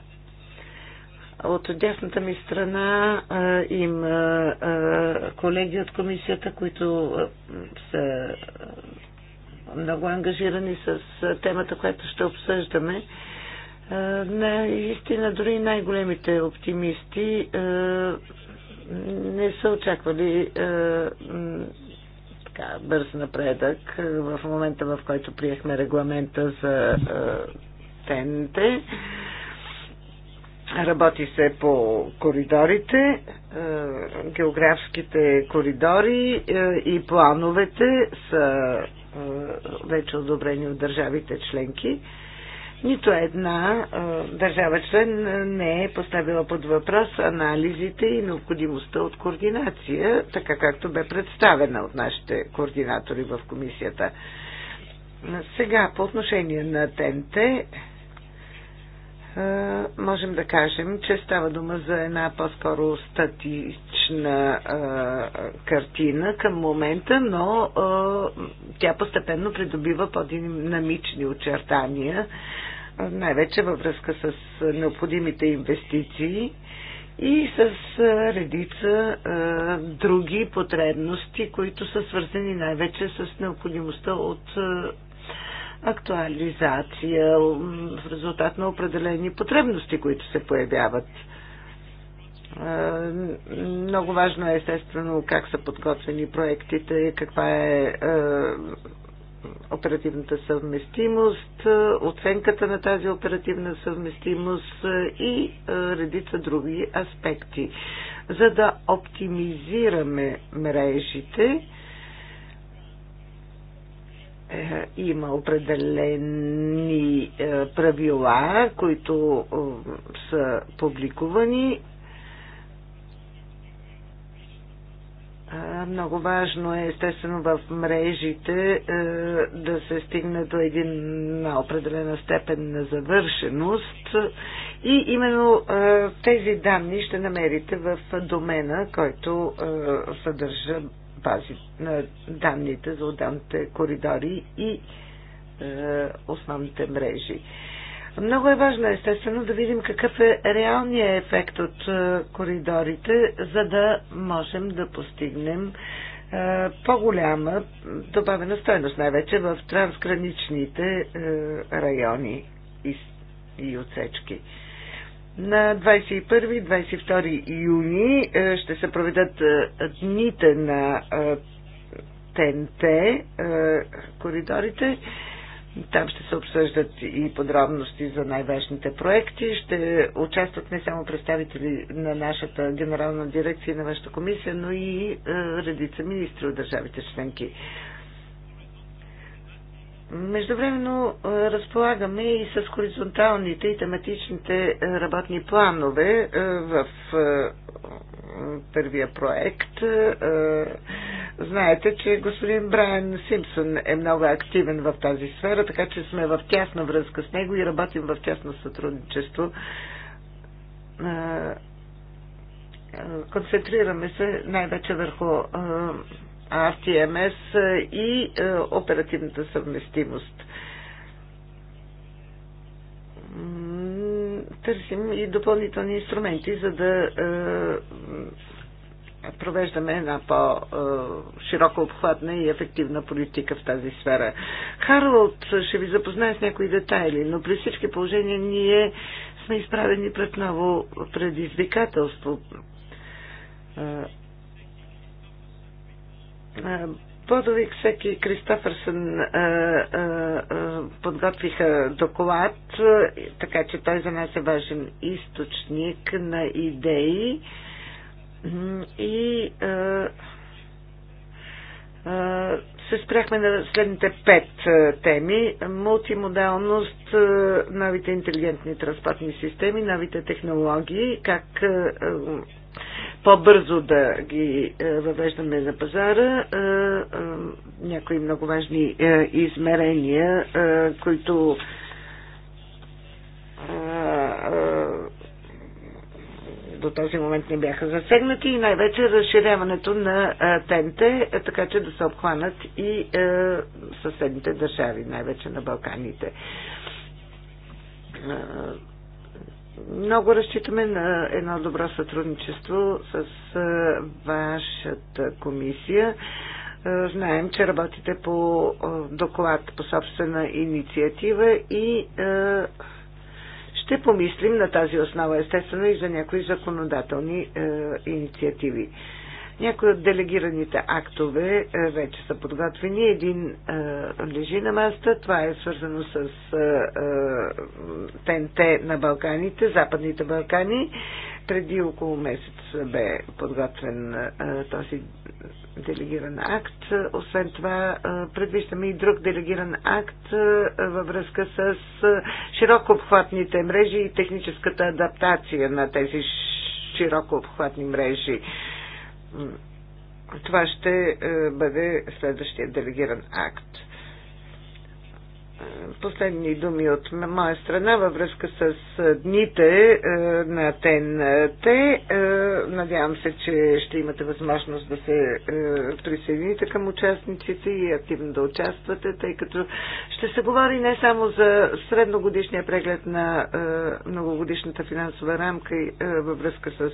от дясната ми страна а, е, има а, е, колеги от комисията, които а, е, са много ангажирани с темата, която ще обсъждаме. А, е, наистина, дори най-големите оптимисти е, не са очаквали е, така, бърз напредък в момента, в който приехме регламента за тените. Работи се по коридорите, географските коридори и плановете са вече одобрени от държавите членки. Нито една а, държава член не е поставила под въпрос анализите и необходимостта от координация, така както бе представена от нашите координатори в комисията. Сега, по отношение на ТНТ, можем да кажем, че става дума за една по-скоро статична а, картина към момента, но а, тя постепенно придобива по-динамични очертания най-вече във връзка с необходимите инвестиции и с редица а, други потребности, които са свързани най-вече с необходимостта от а, актуализация в резултат на определени потребности, които се появяват. Много важно е естествено как са подготвени проектите, каква е оперативната съвместимост, е, оценката на тази оперативна съвместимост е, и е, редица други аспекти. За да оптимизираме мрежите, има определени правила, които са публикувани Много важно е, естествено, в мрежите е, да се стигне до една определена степен на завършеност. И именно е, тези данни ще намерите в домена, който е, съдържа бази на данните за отделните коридори и основните мрежи. Много е важно, естествено, да видим какъв е реалният ефект от е, коридорите, за да можем да постигнем е, по-голяма добавена стойност, най-вече в трансграничните е, райони и отсечки. На 21-22 юни ще се проведат дните на ТНТ коридорите там ще се обсъждат и подробности за най-важните проекти. Ще участват не само представители на нашата генерална дирекция и на вашата комисия, но и е, редица министри от държавите членки. Междувременно е, разполагаме и с хоризонталните и тематичните е, работни планове е, в първия проект. Знаете, че господин Брайан Симпсън е много активен в тази сфера, така че сме в тясна връзка с него и работим в тясно сътрудничество. Концентрираме се най-вече върху RTMS и оперативната съвместимост. Търсим и допълнителни инструменти, за да провеждаме една по-широко обхватна и ефективна политика в тази сфера. Харлот ще ви запознае с някои детайли, но при всички положения ние сме изправени пред ново предизвикателство Бодовик и Кристофърсън подготвиха доклад, така че той за нас е важен източник на идеи и а, се спряхме на следните пет теми. Мултимодалност, новите интелигентни транспортни системи, новите технологии, как по-бързо да ги въвеждаме на пазара. Някои много важни измерения, които до този момент не бяха засегнати и най-вече разширяването на тенте, така че да се обхванат и съседните държави, най-вече на Балканите. Много разчитаме на едно добро сътрудничество с вашата комисия. Знаем, че работите по доклад по собствена инициатива и ще помислим на тази основа, естествено, и за някои законодателни е, инициативи. Някои от делегираните актове е, вече са подготвени. Един е, лежи на маста. Това е свързано с е, е, ТНТ на Балканите, Западните Балкани преди около месец бе подготвен този делегиран акт. Освен това, предвиждаме и друг делегиран акт във връзка с широко обхватните мрежи и техническата адаптация на тези широко обхватни мрежи. Това ще бъде следващия делегиран акт последни думи от моя страна във връзка с дните на ТНТ. Надявам се, че ще имате възможност да се присъедините към участниците и активно да участвате, тъй като ще се говори не само за средногодишния преглед на многогодишната финансова рамка във връзка с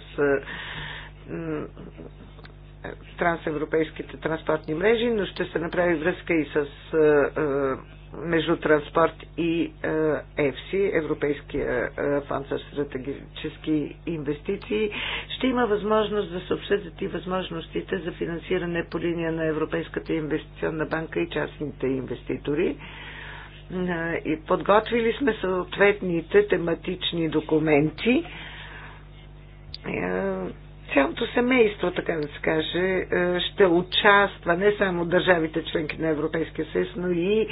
трансевропейските транспортни мрежи, но ще се направи връзка и с между транспорт и е, ЕФСИ, Европейския е, фонд за стратегически инвестиции, ще има възможност да се обсъдят и възможностите за финансиране по линия на Европейската инвестиционна банка и частните инвеститори. Е, и подготвили сме съответните тематични документи цялото семейство, така да се каже, е, ще участва не само държавите членки на Европейския съюз, но и е,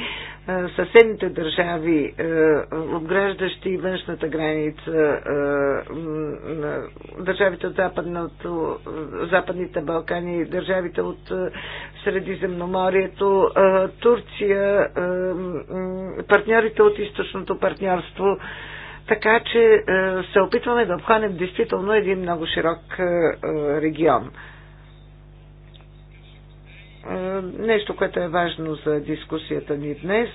съседните държави, е, обграждащи външната граница, държавите от Западното, Западните Балкани, държавите от Средиземноморието, Турция, партньорите от източното партньорство, така че е, се опитваме да обхванем действително един много широк е, е, регион. Нещо, което е важно за дискусията ни днес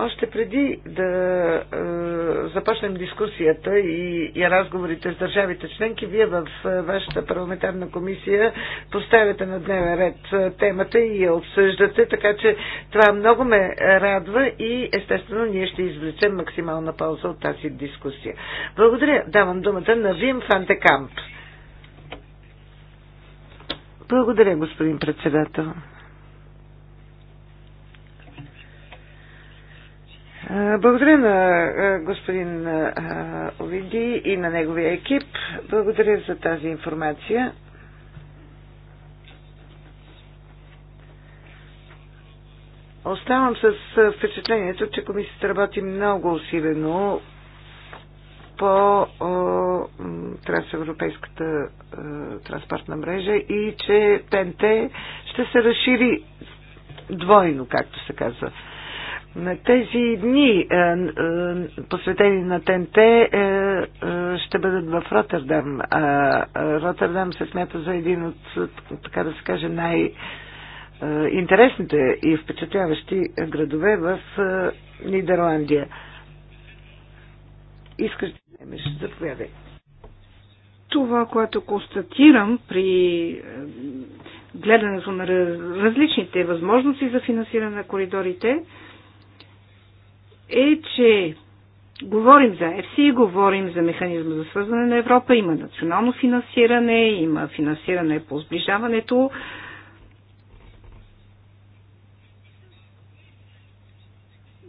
Още преди да е, започнем дискусията и, и разговорите с държавите членки, вие в е, вашата парламентарна комисия поставяте на дневен ред е, темата и я обсъждате, така че това много ме радва и естествено ние ще извлечем максимална полза от тази дискусия. Благодаря. Давам думата на Вим Фантекамп. Благодаря, господин председател. Благодаря на господин Овиди и на неговия екип. Благодаря за тази информация. Оставам с впечатлението, че комисията работи много усилено по трансевропейската транспортна мрежа и че ТНТ ще се разшири двойно, както се казва. На тези дни, е, е, посветени на ТНТ, е, ще бъдат в Роттердам. Ротърдам се смята за един от, така да се каже, най- интересните и впечатляващи градове в Нидерландия. Искаш да вземеш, заповядай. Това, което констатирам при гледането на различните възможности за финансиране на коридорите, е, че говорим за ЕФСИ, говорим за механизма за свързване на Европа, има национално финансиране, има финансиране по сближаването.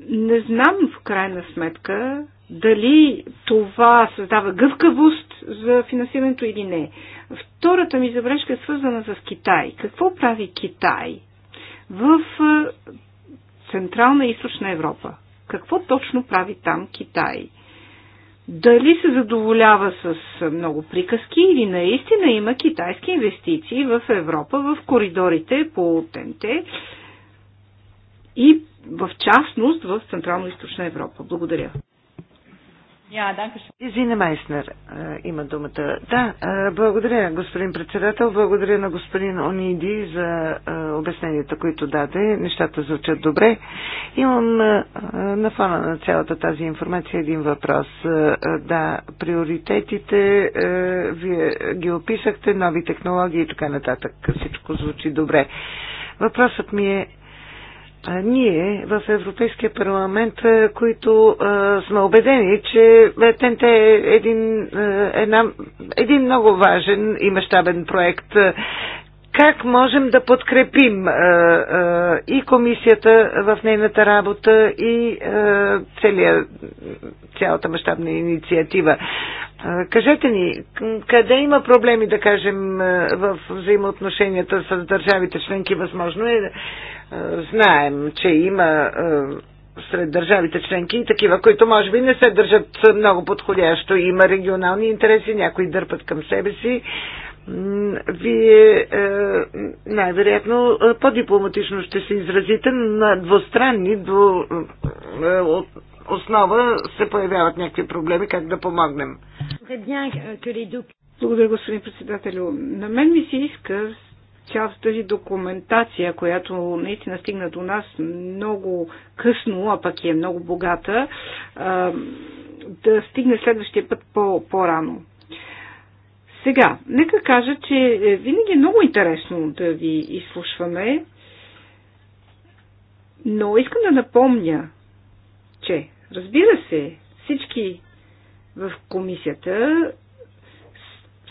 Не знам в крайна сметка дали това създава гъвкавост за финансирането или не. Втората ми забележка е свързана с Китай. Какво прави Китай в е, Централна и Източна Европа? Какво точно прави там Китай? Дали се задоволява с много приказки или наистина има китайски инвестиции в Европа, в коридорите по ТНТ и в частност в централно источна Европа? Благодаря. Yeah, Изина Майснер е, има думата. Да, е, благодаря, господин председател. Благодаря на господин Ониди за е, обясненията, които даде. Нещата звучат добре. Имам на фона на цялата тази информация един въпрос. Да, приоритетите, вие ги описахте, нови технологии и така нататък. Всичко звучи добре. Въпросът ми е ние в Европейския парламент, които а, сме убедени, че ТНТ е един, една, един много важен и мащабен проект. Как можем да подкрепим а, а, и комисията в нейната работа и а, целия, цялата мащабна инициатива? Кажете ни, къде има проблеми, да кажем, в взаимоотношенията с държавите членки? Възможно е, знаем, че има сред държавите членки и такива, които може би не се държат много подходящо. Има регионални интереси, някои дърпат към себе си. Вие най-вероятно по-дипломатично ще се изразите на двустранни, до, основа се появяват някакви проблеми, как да помогнем. Благодаря, господин председател. На мен ми се иска цялата тази документация, която наистина стигна до нас много късно, а пък е много богата, да стигне следващия път по- по-рано. Сега, нека кажа, че е, винаги е много интересно да ви изслушваме, но искам да напомня, че Разбира се, всички в комисията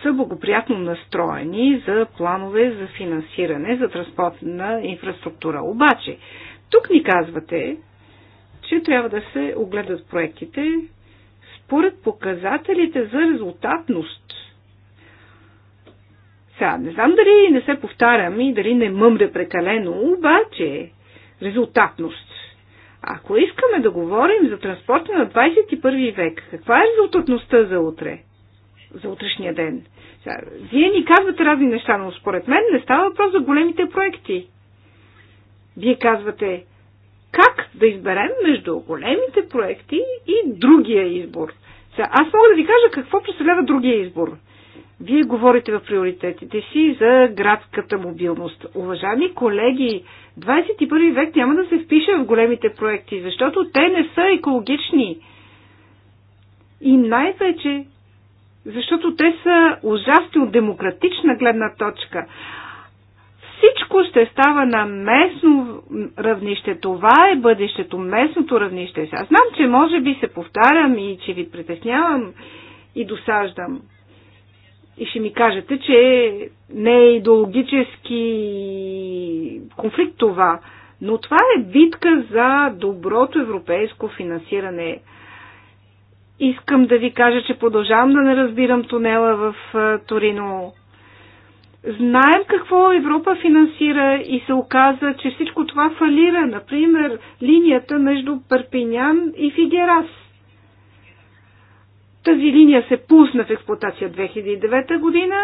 са благоприятно настроени за планове за финансиране за транспортна инфраструктура. Обаче, тук ни казвате, че трябва да се огледат проектите според показателите за резултатност. Сега, не знам дали не се повтарям и дали не мъмря прекалено, обаче резултатност. Ако искаме да говорим за транспорта на 21 век, каква е резултатността за утре? За утрешния ден. Сега, вие ни казвате разни неща, но според мен не става въпрос за големите проекти. Вие казвате как да изберем между големите проекти и другия избор. Сега, аз мога да ви кажа какво представлява другия избор. Вие говорите в приоритетите си за градската мобилност. Уважаеми колеги, 21 век няма да се впише в големите проекти, защото те не са екологични. И най-вече, защото те са ужасни от демократична гледна точка. Всичко ще става на местно равнище. Това е бъдещето, местното равнище. Аз знам, че може би се повтарям и че ви притеснявам и досаждам. И ще ми кажете, че не е идеологически конфликт това, но това е битка за доброто европейско финансиране. Искам да ви кажа, че продължавам да не разбирам тунела в Торино. Знаем какво Европа финансира и се оказа, че всичко това фалира. Например, линията между Перпинян и Фигерас – тази линия се пусна в експлуатация 2009 година.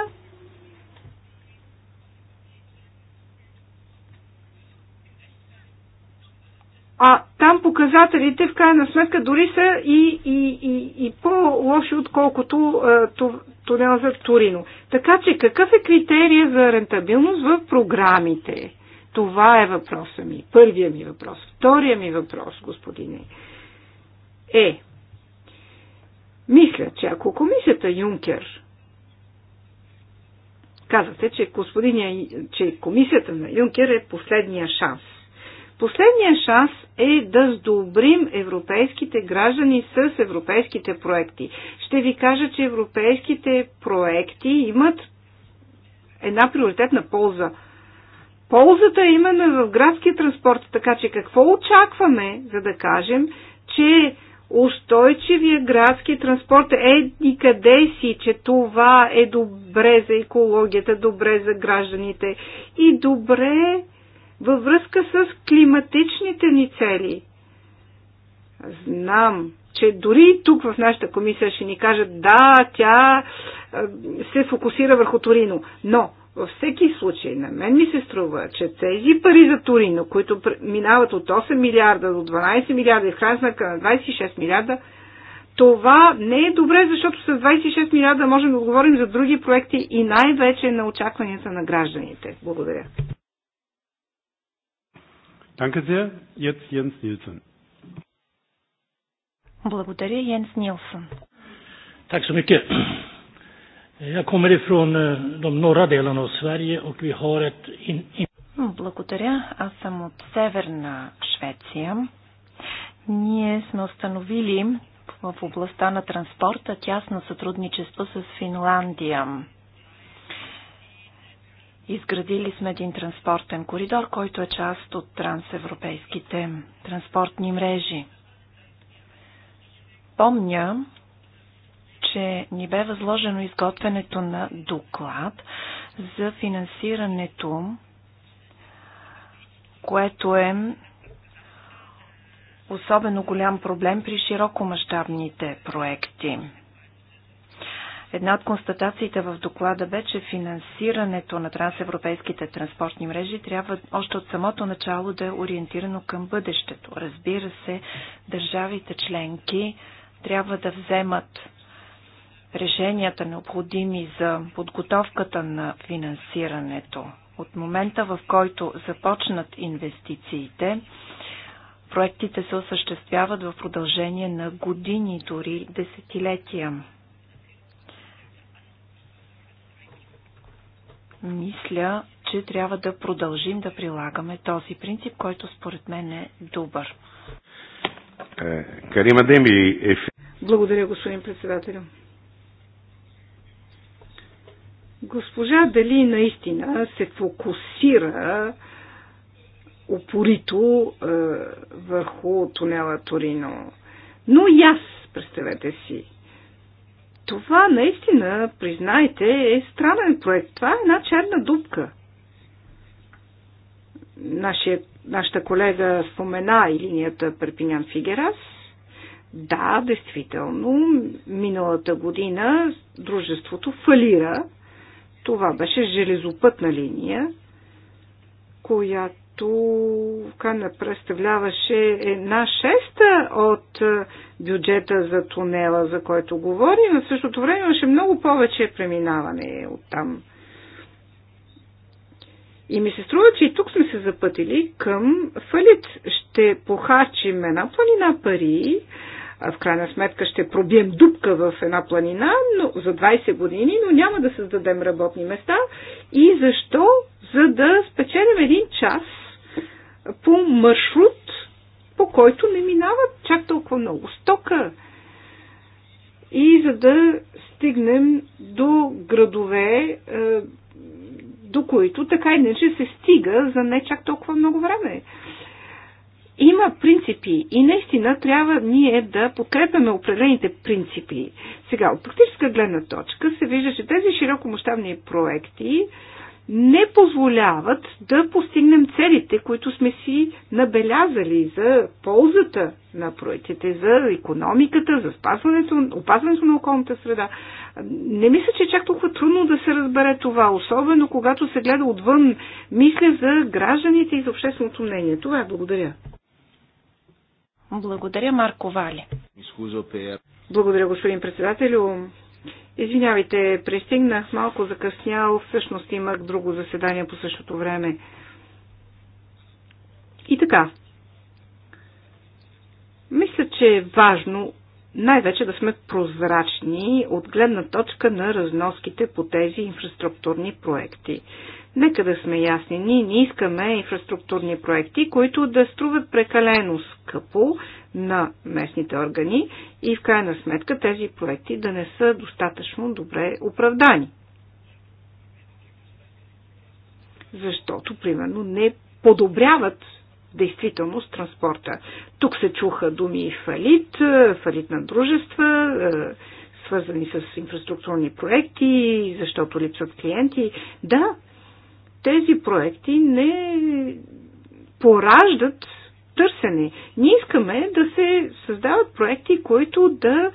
А там показателите в крайна сметка дори са и, и, и, и по-лоши, отколкото е, тунела за Турино. Така че какъв е критерия за рентабилност в програмите? Това е въпроса ми. Първия ми въпрос. Втория ми въпрос, господине, е мисля, че ако комисията Юнкер казвате, че, че комисията на Юнкер е последния шанс. Последния шанс е да сдобрим европейските граждани с европейските проекти. Ще ви кажа, че европейските проекти имат една приоритетна полза. Ползата е именно в градския транспорт, така че какво очакваме, за да кажем, че устойчивия градски транспорт е и къде си, че това е добре за екологията, добре за гражданите и добре във връзка с климатичните ни цели. Знам, че дори тук в нашата комисия ще ни кажат да, тя се фокусира върху Торино, но във всеки случай, на мен ми се струва, че тези пари за Турино, които минават от 8 милиарда до 12 милиарда и в крайна сметка на 26 милиарда, това не е добре, защото с 26 милиарда можем да отговорим за други проекти и най-вече на очакванията на гражданите. Благодаря. Danke sehr. Jetzt Jens Nielsen. Благодаря, Йенс Нилсън. Так Jag kommer ifrån eh, de norra delarna av Sverige och vi har ett... In... Благодаря. Аз съм от северна Швеция. Ние сме установили в областта на транспорта тясно сътрудничество с Финландия. Изградили сме един транспортен коридор, който е част от трансевропейските транспортни мрежи. Помня, че ни бе възложено изготвянето на доклад за финансирането, което е особено голям проблем при широкомащабните проекти. Една от констатациите в доклада бе, че финансирането на трансевропейските транспортни мрежи трябва още от самото начало да е ориентирано към бъдещето. Разбира се, държавите членки трябва да вземат решенията необходими за подготовката на финансирането. От момента в който започнат инвестициите, проектите се осъществяват в продължение на години, дори десетилетия. Мисля, че трябва да продължим да прилагаме този принцип, който според мен е добър. Е, Карима е... Благодаря, господин председател. Госпожа Дали наистина се фокусира опорито е, върху тунела Торино. Но и аз, представете си, това наистина, признайте, е странен проект. Това е една черна дупка. Нашия, нашата колега спомена и линията Перпинян Фигерас. Да, действително, миналата година дружеството фалира това беше железопътна линия, която не представляваше една шеста от е, бюджета за тунела, за който говори, но в същото време имаше много повече преминаване от там. И ми се струва, че и тук сме се запътили към фалит. Ще похарчим една планина пари, в крайна сметка ще пробием дупка в една планина но, за 20 години, но няма да създадем работни места. И защо? За да спечелим един час по маршрут, по който не минават чак толкова много стока. И за да стигнем до градове, е, до които така иначе се стига за не чак толкова много време има принципи и наистина трябва ние да подкрепяме определените принципи. Сега, от практическа гледна точка се вижда, че тези широкомащабни проекти не позволяват да постигнем целите, които сме си набелязали за ползата на проектите, за економиката, за спазването, опазването на околната среда. Не мисля, че е чак толкова трудно да се разбере това, особено когато се гледа отвън. Мисля за гражданите и за общественото мнение. Това е. Благодаря. Благодаря, Марко Вале. Благодаря, господин председателю. Извинявайте, пристигнах малко закъснял, всъщност имах друго заседание по същото време. И така. Мисля, че е важно най-вече да сме прозрачни от гледна точка на разноските по тези инфраструктурни проекти. Нека да сме ясни. Ние не искаме инфраструктурни проекти, които да струват прекалено скъпо на местните органи и в крайна сметка тези проекти да не са достатъчно добре оправдани. Защото, примерно, не подобряват действителност транспорта. Тук се чуха думи и фалит, е, фалит на дружества, е, свързани с инфраструктурни проекти, защото липсват клиенти. Да, тези проекти не пораждат търсене. Ние искаме да се създават проекти, които да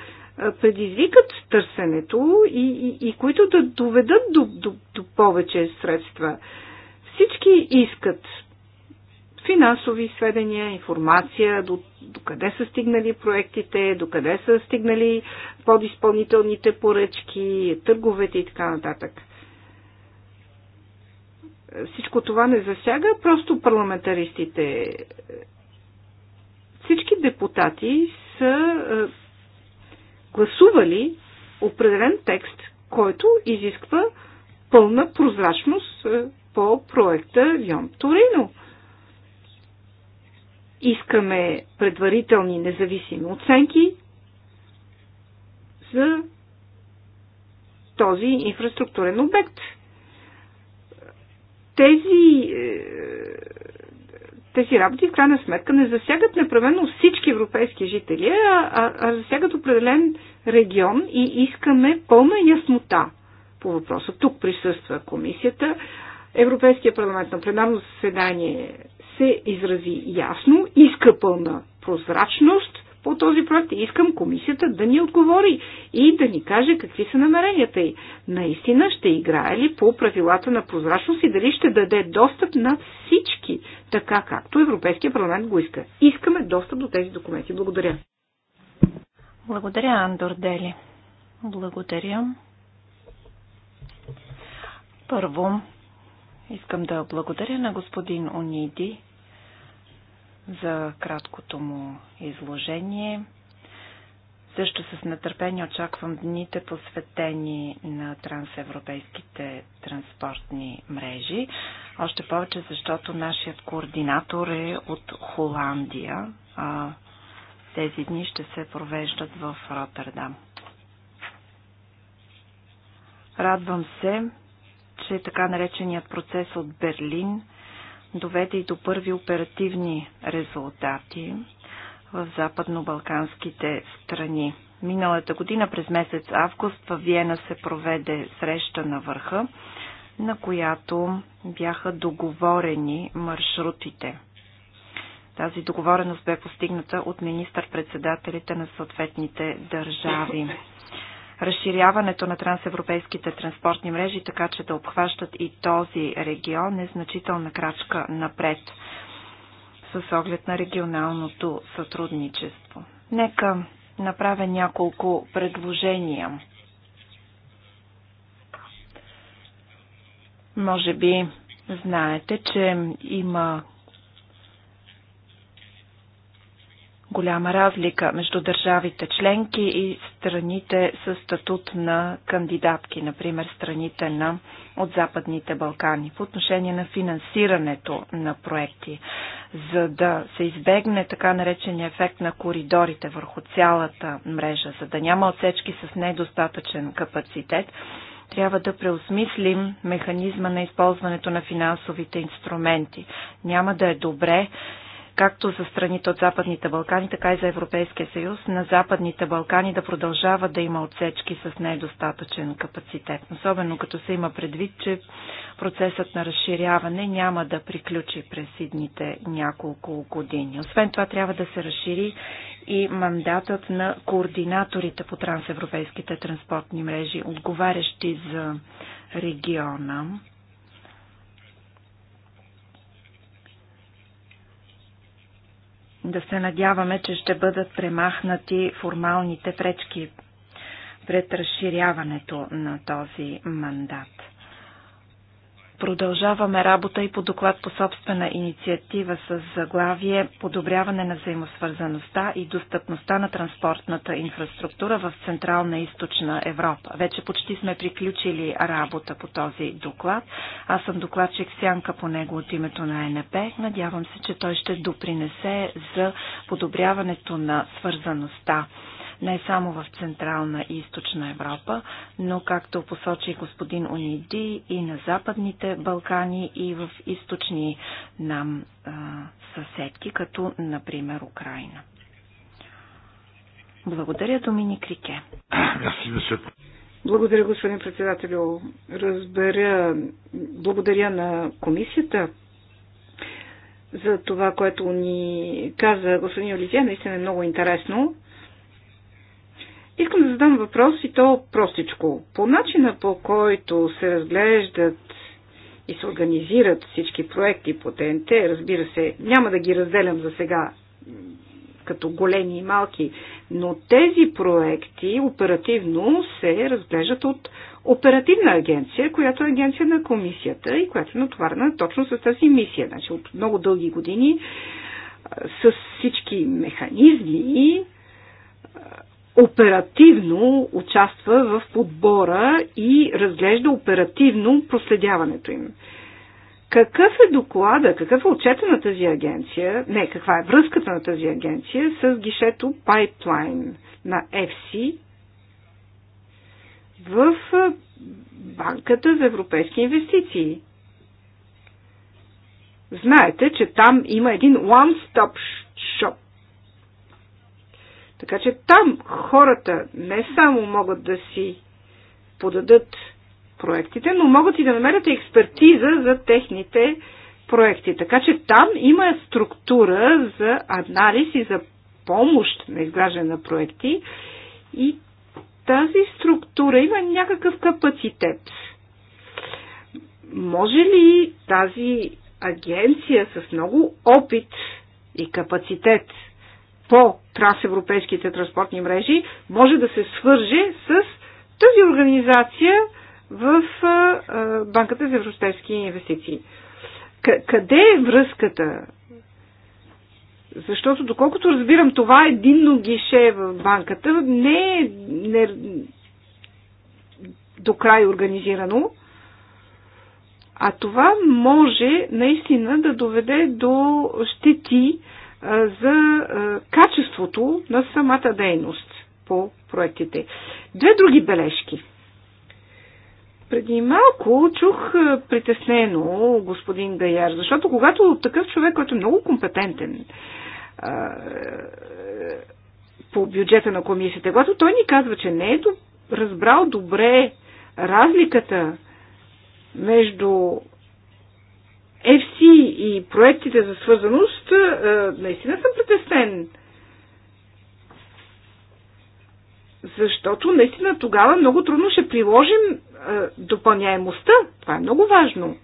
предизвикат търсенето и, и, и които да доведат до, до, до повече средства. Всички искат финансови сведения, информация, до, до къде са стигнали проектите, до къде са стигнали подизпълнителните поръчки, търговете и така нататък всичко това не засяга просто парламентаристите. Всички депутати са е, гласували определен текст, който изисква пълна прозрачност е, по проекта Йон Торино. Искаме предварителни независими оценки за този инфраструктурен обект – тези, е, тези работи в крайна сметка не засягат непременно всички европейски жители, а, а, а засягат определен регион и искаме пълна яснота по въпроса. Тук присъства комисията. Европейския парламент на пленарно заседание се изрази ясно, иска пълна прозрачност – по този проект и искам комисията да ни отговори и да ни каже какви са намеренията й. Наистина ще играе ли по правилата на прозрачност и дали ще даде достъп на всички, така както Европейския парламент го иска. Искаме достъп до тези документи. Благодаря. Благодаря, Андор Дели. Благодаря. Първо, искам да благодаря на господин Униди за краткото му изложение. Също с нетърпение очаквам дните посветени на трансевропейските транспортни мрежи. Още повече, защото нашият координатор е от Холандия. А тези дни ще се провеждат в Роттердам. Радвам се, че така нареченият процес от Берлин – доведе и до първи оперативни резултати в западно-балканските страни. Миналата година през месец август в Виена се проведе среща на върха, на която бяха договорени маршрутите. Тази договореност бе постигната от министър-председателите на съответните държави разширяването на трансевропейските транспортни мрежи, така че да обхващат и този регион, е значителна крачка напред с оглед на регионалното сътрудничество. Нека направя няколко предложения. Може би знаете, че има голяма разлика между държавите членки и страните с статут на кандидатки, например страните на от Западните Балкани. По отношение на финансирането на проекти, за да се избегне така наречения ефект на коридорите върху цялата мрежа, за да няма отсечки с недостатъчен капацитет, трябва да преосмислим механизма на използването на финансовите инструменти. Няма да е добре както за страните от Западните Балкани, така и за Европейския съюз, на Западните Балкани да продължава да има отсечки с недостатъчен капацитет. Особено като се има предвид, че процесът на разширяване няма да приключи през идните няколко години. Освен това трябва да се разшири и мандатът на координаторите по трансевропейските транспортни мрежи, отговарящи за региона. Да се надяваме, че ще бъдат премахнати формалните пречки пред разширяването на този мандат. Продължаваме работа и по доклад по собствена инициатива с заглавие Подобряване на взаимосвързаността и достъпността на транспортната инфраструктура в Централна и Източна Европа. Вече почти сме приключили работа по този доклад. Аз съм докладчик Сянка по него от името на НП. Надявам се, че той ще допринесе за подобряването на свързаността не само в Централна и Източна Европа, но както посочи господин Униди и на Западните Балкани и в източни нам а, съседки, като например Украина. Благодаря, Домини Крике. Благодаря, господин председател. Разбера, благодаря на комисията за това, което ни каза господин Олизия. Наистина е много интересно. Искам да задам въпрос и то простичко. По начина по който се разглеждат и се организират всички проекти по ТНТ, разбира се, няма да ги разделям за сега като големи и малки, но тези проекти оперативно се разглеждат от оперативна агенция, която е агенция на комисията и която е натоварена точно с тази мисия. Значи от много дълги години с всички механизми оперативно участва в подбора и разглежда оперативно проследяването им. Какъв е доклада, какъв е отчета на тази агенция, не, каква е връзката на тази агенция с гишето Pipeline на FC в Банката за европейски инвестиции? Знаете, че там има един one-stop shop така че там хората не само могат да си подадат проектите, но могат и да намерят експертиза за техните проекти. Така че там има структура за анализ и за помощ на изграждане на проекти и тази структура има някакъв капацитет. Може ли тази агенция с много опит и капацитет по трансевропейските транспортни мрежи може да се свърже с тази организация в Банката за европейски инвестиции. Къде е връзката? Защото, доколкото разбирам, това е единно гише в банката не е не, е до край организирано, а това може наистина да доведе до щети, за качеството на самата дейност по проектите. Две други бележки. Преди малко чух притеснено господин Гаяр, защото когато такъв човек, който е много компетентен по бюджета на комисията, когато той ни казва, че не е разбрал добре разликата между FC и проектите за свързаност, е, наистина съм притеснен. Защото наистина тогава много трудно ще приложим е, допълняемостта. Това е много важно.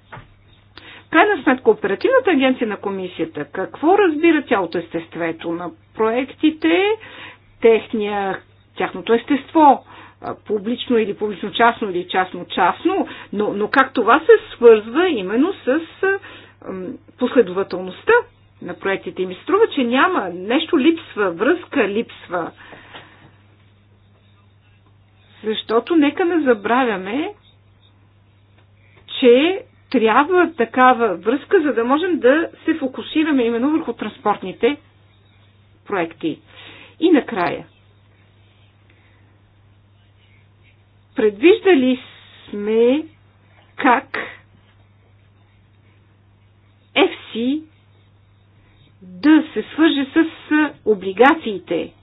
Крайна сметка, оперативната агенция на комисията, какво разбира тя от естеството на проектите, техния, тяхното естество? публично или публично-частно или частно-частно, но, но как това се свързва именно с последователността на проектите. И ми струва, че няма. Нещо липсва, връзка липсва. Защото нека не забравяме, че трябва такава връзка, за да можем да се фокусираме именно върху транспортните проекти. И накрая – предвиждали сме как FC да се свърже с облигациите.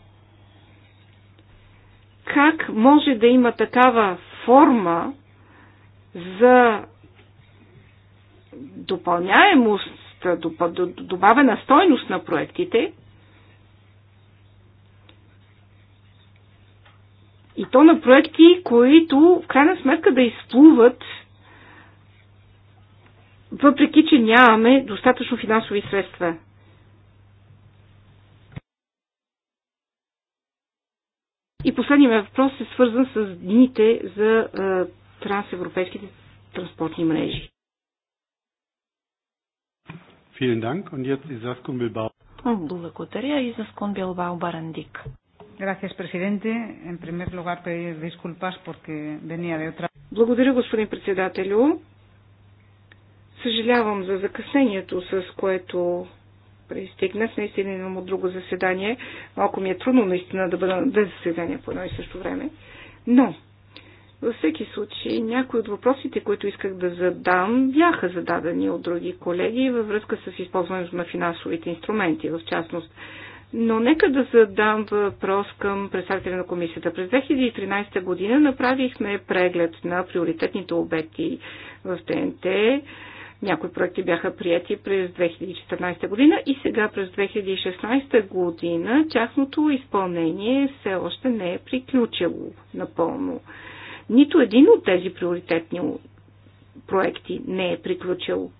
Как може да има такава форма за допълняемост, добавена стойност на проектите, И то на проекти, които в крайна сметка да изплуват, въпреки че нямаме достатъчно финансови средства. И последният въпрос е свързан с дните за е, трансевропейските транспортни мрежи. Благодаря и за Билбао Барандик. Gracias, presidente. En primer lugar, pedir disculpas porque venía de otra. Благодаря, господин председателю. Съжалявам за закъснението, с което пристигнах. Наистина имам от друго заседание. Малко ми е трудно наистина да бъда на две заседания по едно и също време. Но, във всеки случай, някои от въпросите, които исках да задам, бяха зададени от други колеги във връзка с използването на финансовите инструменти, в частност но нека да задам въпрос към представителя на комисията. През 2013 година направихме преглед на приоритетните обекти в ТНТ. Някои проекти бяха прияти през 2014 година и сега през 2016 година тяхното изпълнение все още не е приключило напълно. Нито един от тези приоритетни проекти не е приключил.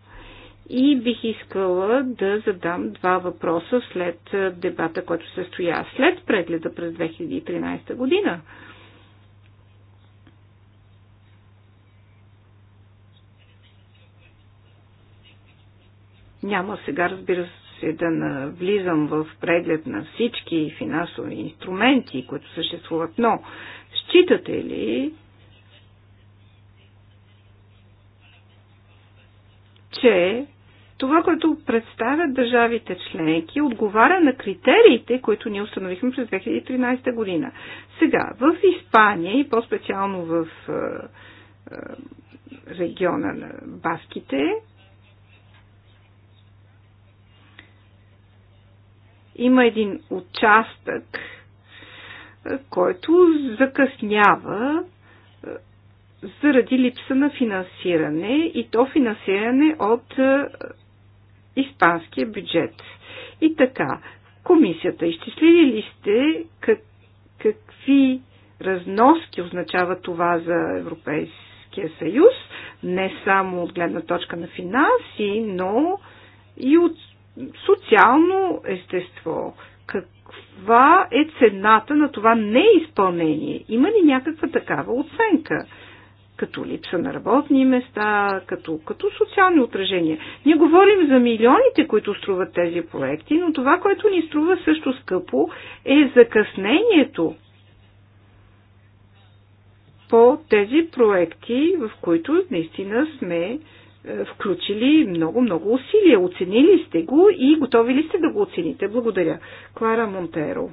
И бих искала да задам два въпроса след дебата, който се стоя след прегледа през 2013 година. Няма сега, разбира се, да навлизам в преглед на всички финансови инструменти, които съществуват, но считате ли, че това, което представят държавите членки, отговаря на критериите, които ние установихме през 2013 година. Сега, в Испания и по-специално в е, е, региона на Баските, има един участък, е, който закъснява заради липса на финансиране и то финансиране от испанския бюджет. И така, комисията, изчислили ли сте как, какви разноски означава това за Европейския съюз, не само от гледна точка на финанси, но и от социално естество. Каква е цената на това неизпълнение? Има ли някаква такава оценка? като липса на работни места, като, като социални отражения. Ние говорим за милионите, които струват тези проекти, но това, което ни струва също скъпо, е закъснението по тези проекти, в които наистина сме е, включили много-много усилия. Оценили сте го и готови ли сте да го оцените? Благодаря. Клара Монтеро.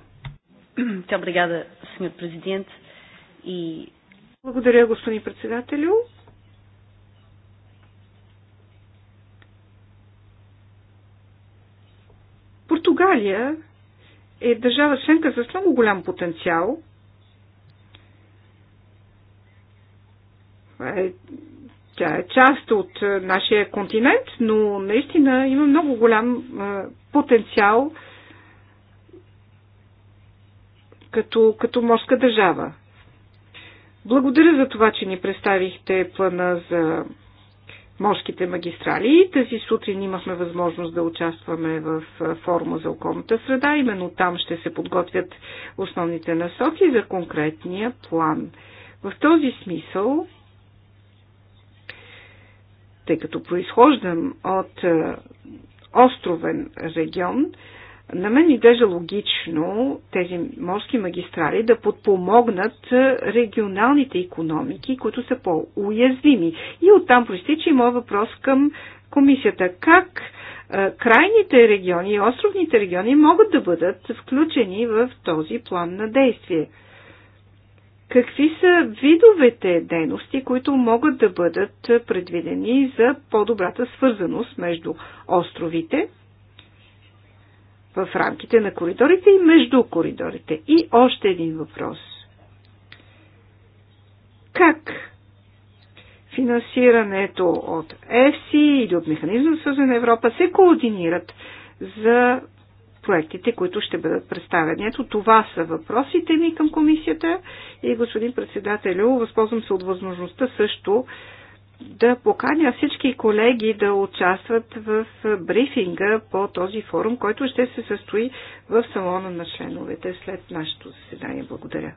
Тя бригада, Sr. президент, и благодаря, господин председателю. Португалия е държава членка с много голям потенциал. Е- тя е част от е, нашия континент, но наистина има много голям е, потенциал като, като морска държава. Благодаря за това, че ни представихте плана за морските магистрали. Тази сутрин имахме възможност да участваме в форума за околната среда. Именно там ще се подготвят основните насоки за конкретния план. В този смисъл, тъй като произхождам от островен регион, на мен изглежда логично тези морски магистрали да подпомогнат регионалните економики, които са по-уязвими. И оттам проистича и моят въпрос към комисията. Как е, крайните региони и островните региони могат да бъдат включени в този план на действие? Какви са видовете дейности, които могат да бъдат предвидени за по-добрата свързаност между островите в рамките на коридорите и между коридорите. И още един въпрос. Как финансирането от ЕФСИ или от Механизма за на Европа се координират за проектите, които ще бъдат представени. Ето това са въпросите ми към комисията и господин председателю, възползвам се от възможността също да поканя всички колеги да участват в брифинга по този форум, който ще се състои в салона на членовете след нашето заседание. Благодаря.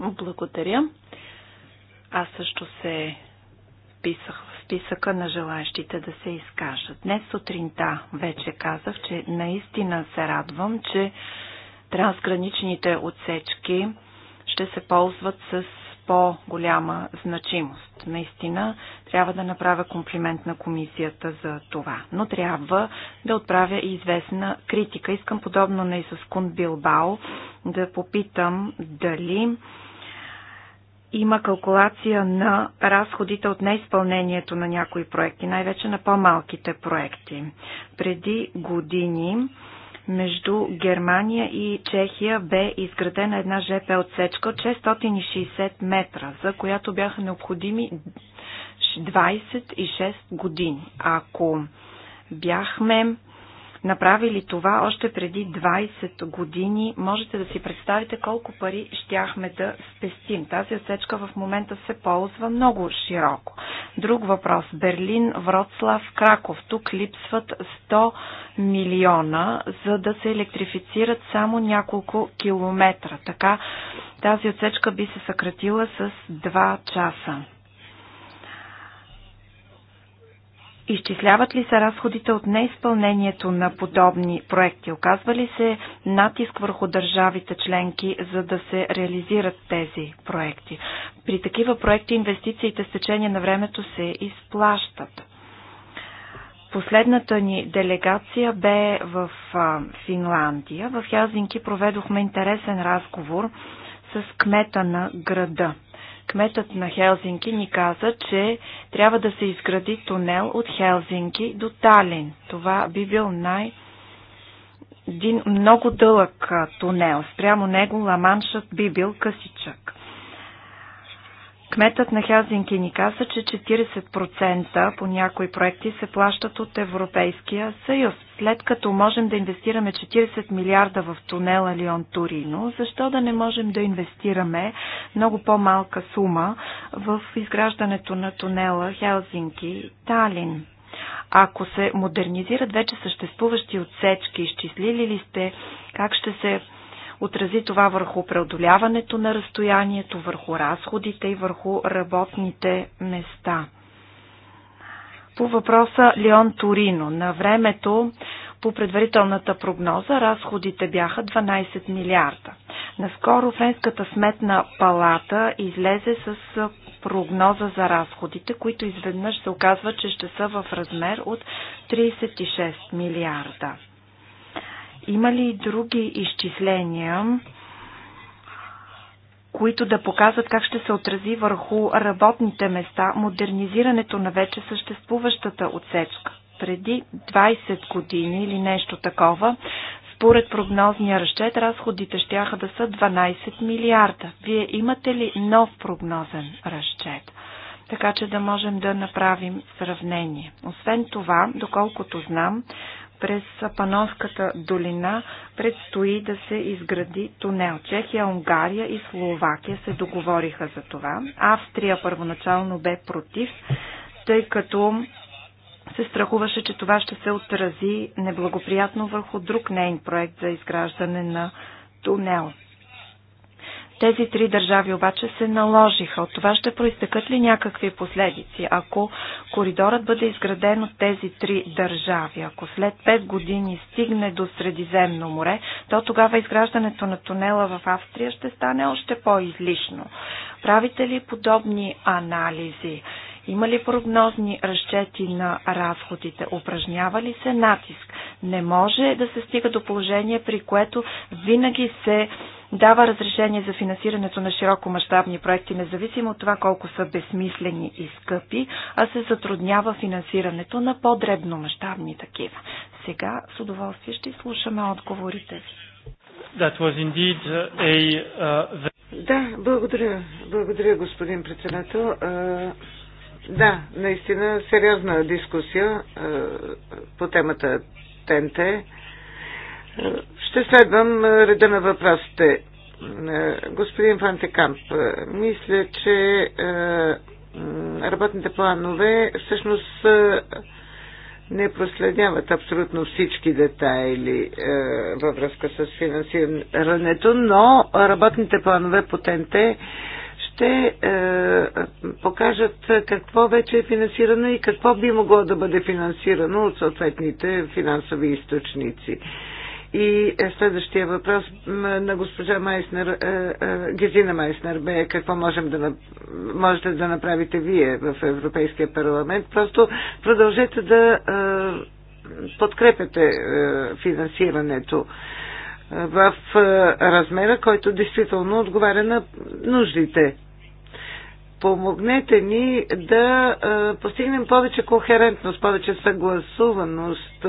Благодаря. Аз също се вписах в списъка на желаящите да се изкажат. Днес сутринта вече казах, че наистина се радвам, че трансграничните отсечки ще се ползват с по-голяма значимост. Наистина трябва да направя комплимент на комисията за това. Но трябва да отправя и известна критика. Искам подобно на и с Кун Билбао да попитам дали има калкулация на разходите от неизпълнението на някои проекти, най-вече на по-малките проекти. Преди години между Германия и Чехия бе изградена една ЖП отсечка от 660 метра, за която бяха необходими 26 години. Ако бяхме направили това още преди 20 години, можете да си представите колко пари щяхме да спестим. Тази отсечка в момента се ползва много широко. Друг въпрос. Берлин, Вроцлав, Краков. Тук липсват 100 милиона, за да се електрифицират само няколко километра. Така тази отсечка би се съкратила с 2 часа. Изчисляват ли се разходите от неизпълнението на подобни проекти? Оказва ли се натиск върху държавите членки, за да се реализират тези проекти? При такива проекти инвестициите с течение на времето се изплащат. Последната ни делегация бе в Финландия. В Язинки проведохме интересен разговор с кмета на града – Кметът на Хелзинки ни каза, че трябва да се изгради тунел от Хелзинки до Талин. Това би бил най- един много дълъг тунел. Спрямо него Ламаншът би бил късичък. Кметът на Хелзинки ни каза, че 40% по някои проекти се плащат от Европейския съюз. След като можем да инвестираме 40 милиарда в тунела Лион Турино, защо да не можем да инвестираме много по-малка сума в изграждането на тунела Хелзинки Талин? Ако се модернизират вече съществуващи отсечки, изчислили ли сте как ще се отрази това върху преодоляването на разстоянието, върху разходите и върху работните места. По въпроса Леон Торино, на времето по предварителната прогноза разходите бяха 12 милиарда. Наскоро Френската сметна палата излезе с прогноза за разходите, които изведнъж се оказва, че ще са в размер от 36 милиарда. Има ли и други изчисления, които да показват как ще се отрази върху работните места модернизирането на вече съществуващата отсечка? Преди 20 години или нещо такова, според прогнозния разчет, разходите ще да са 12 милиарда. Вие имате ли нов прогнозен разчет? така че да можем да направим сравнение. Освен това, доколкото знам, през Паноската долина предстои да се изгради тунел. Чехия, Унгария и Словакия се договориха за това. Австрия първоначално бе против, тъй като се страхуваше, че това ще се отрази неблагоприятно върху друг нейн проект за изграждане на тунел. Тези три държави обаче се наложиха. От това ще проистъкат ли някакви последици, ако коридорът бъде изграден от тези три държави? Ако след 5 години стигне до Средиземно море, то тогава изграждането на тунела в Австрия ще стане още по-излишно. Правите ли подобни анализи? Има ли прогнозни разчети на разходите? Упражнява ли се натиск? Не може да се стига до положение, при което винаги се дава разрешение за финансирането на широкомащабни проекти, независимо от това колко са безсмислени и скъпи, а се затруднява финансирането на по-дребномащабни такива. Сега с удоволствие ще слушаме отговорите ви. That was indeed a, uh, да, благодаря. Благодаря, господин председател. Да, наистина сериозна дискусия по темата ТНТ. Ще следвам реда на въпросите. Господин Фантекамп, мисля, че работните планове всъщност не проследяват абсолютно всички детайли във връзка с финансирането, но работните планове по ТНТ ще покажат какво вече е финансирано и какво би могло да бъде финансирано от съответните финансови източници. И е, следващия въпрос на госпожа Майснер, е, е, Гезина Майснер бе какво можем да, можете да направите вие в Европейския парламент. Просто продължете да подкрепяте финансирането в размера, който действително отговаря на нуждите помогнете ни да постигнем повече кохерентност, повече съгласуваност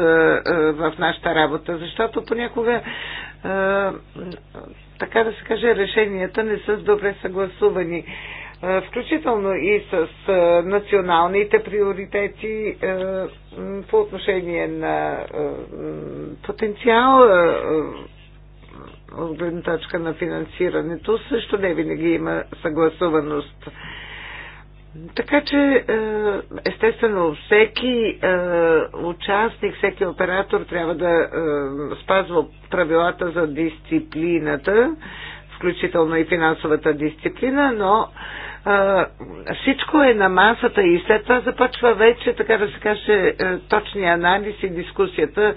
в нашата работа, защото понякога така да се каже, решенията не са добре съгласувани включително и с националните приоритети по отношение на потенциала от гледна точка на финансирането, също не винаги има съгласуваност. Така че, е, естествено, всеки е, участник, всеки оператор трябва да е, спазва правилата за дисциплината, включително и финансовата дисциплина, но всичко е на масата и след това започва вече, така да се каже, точния анализ и дискусията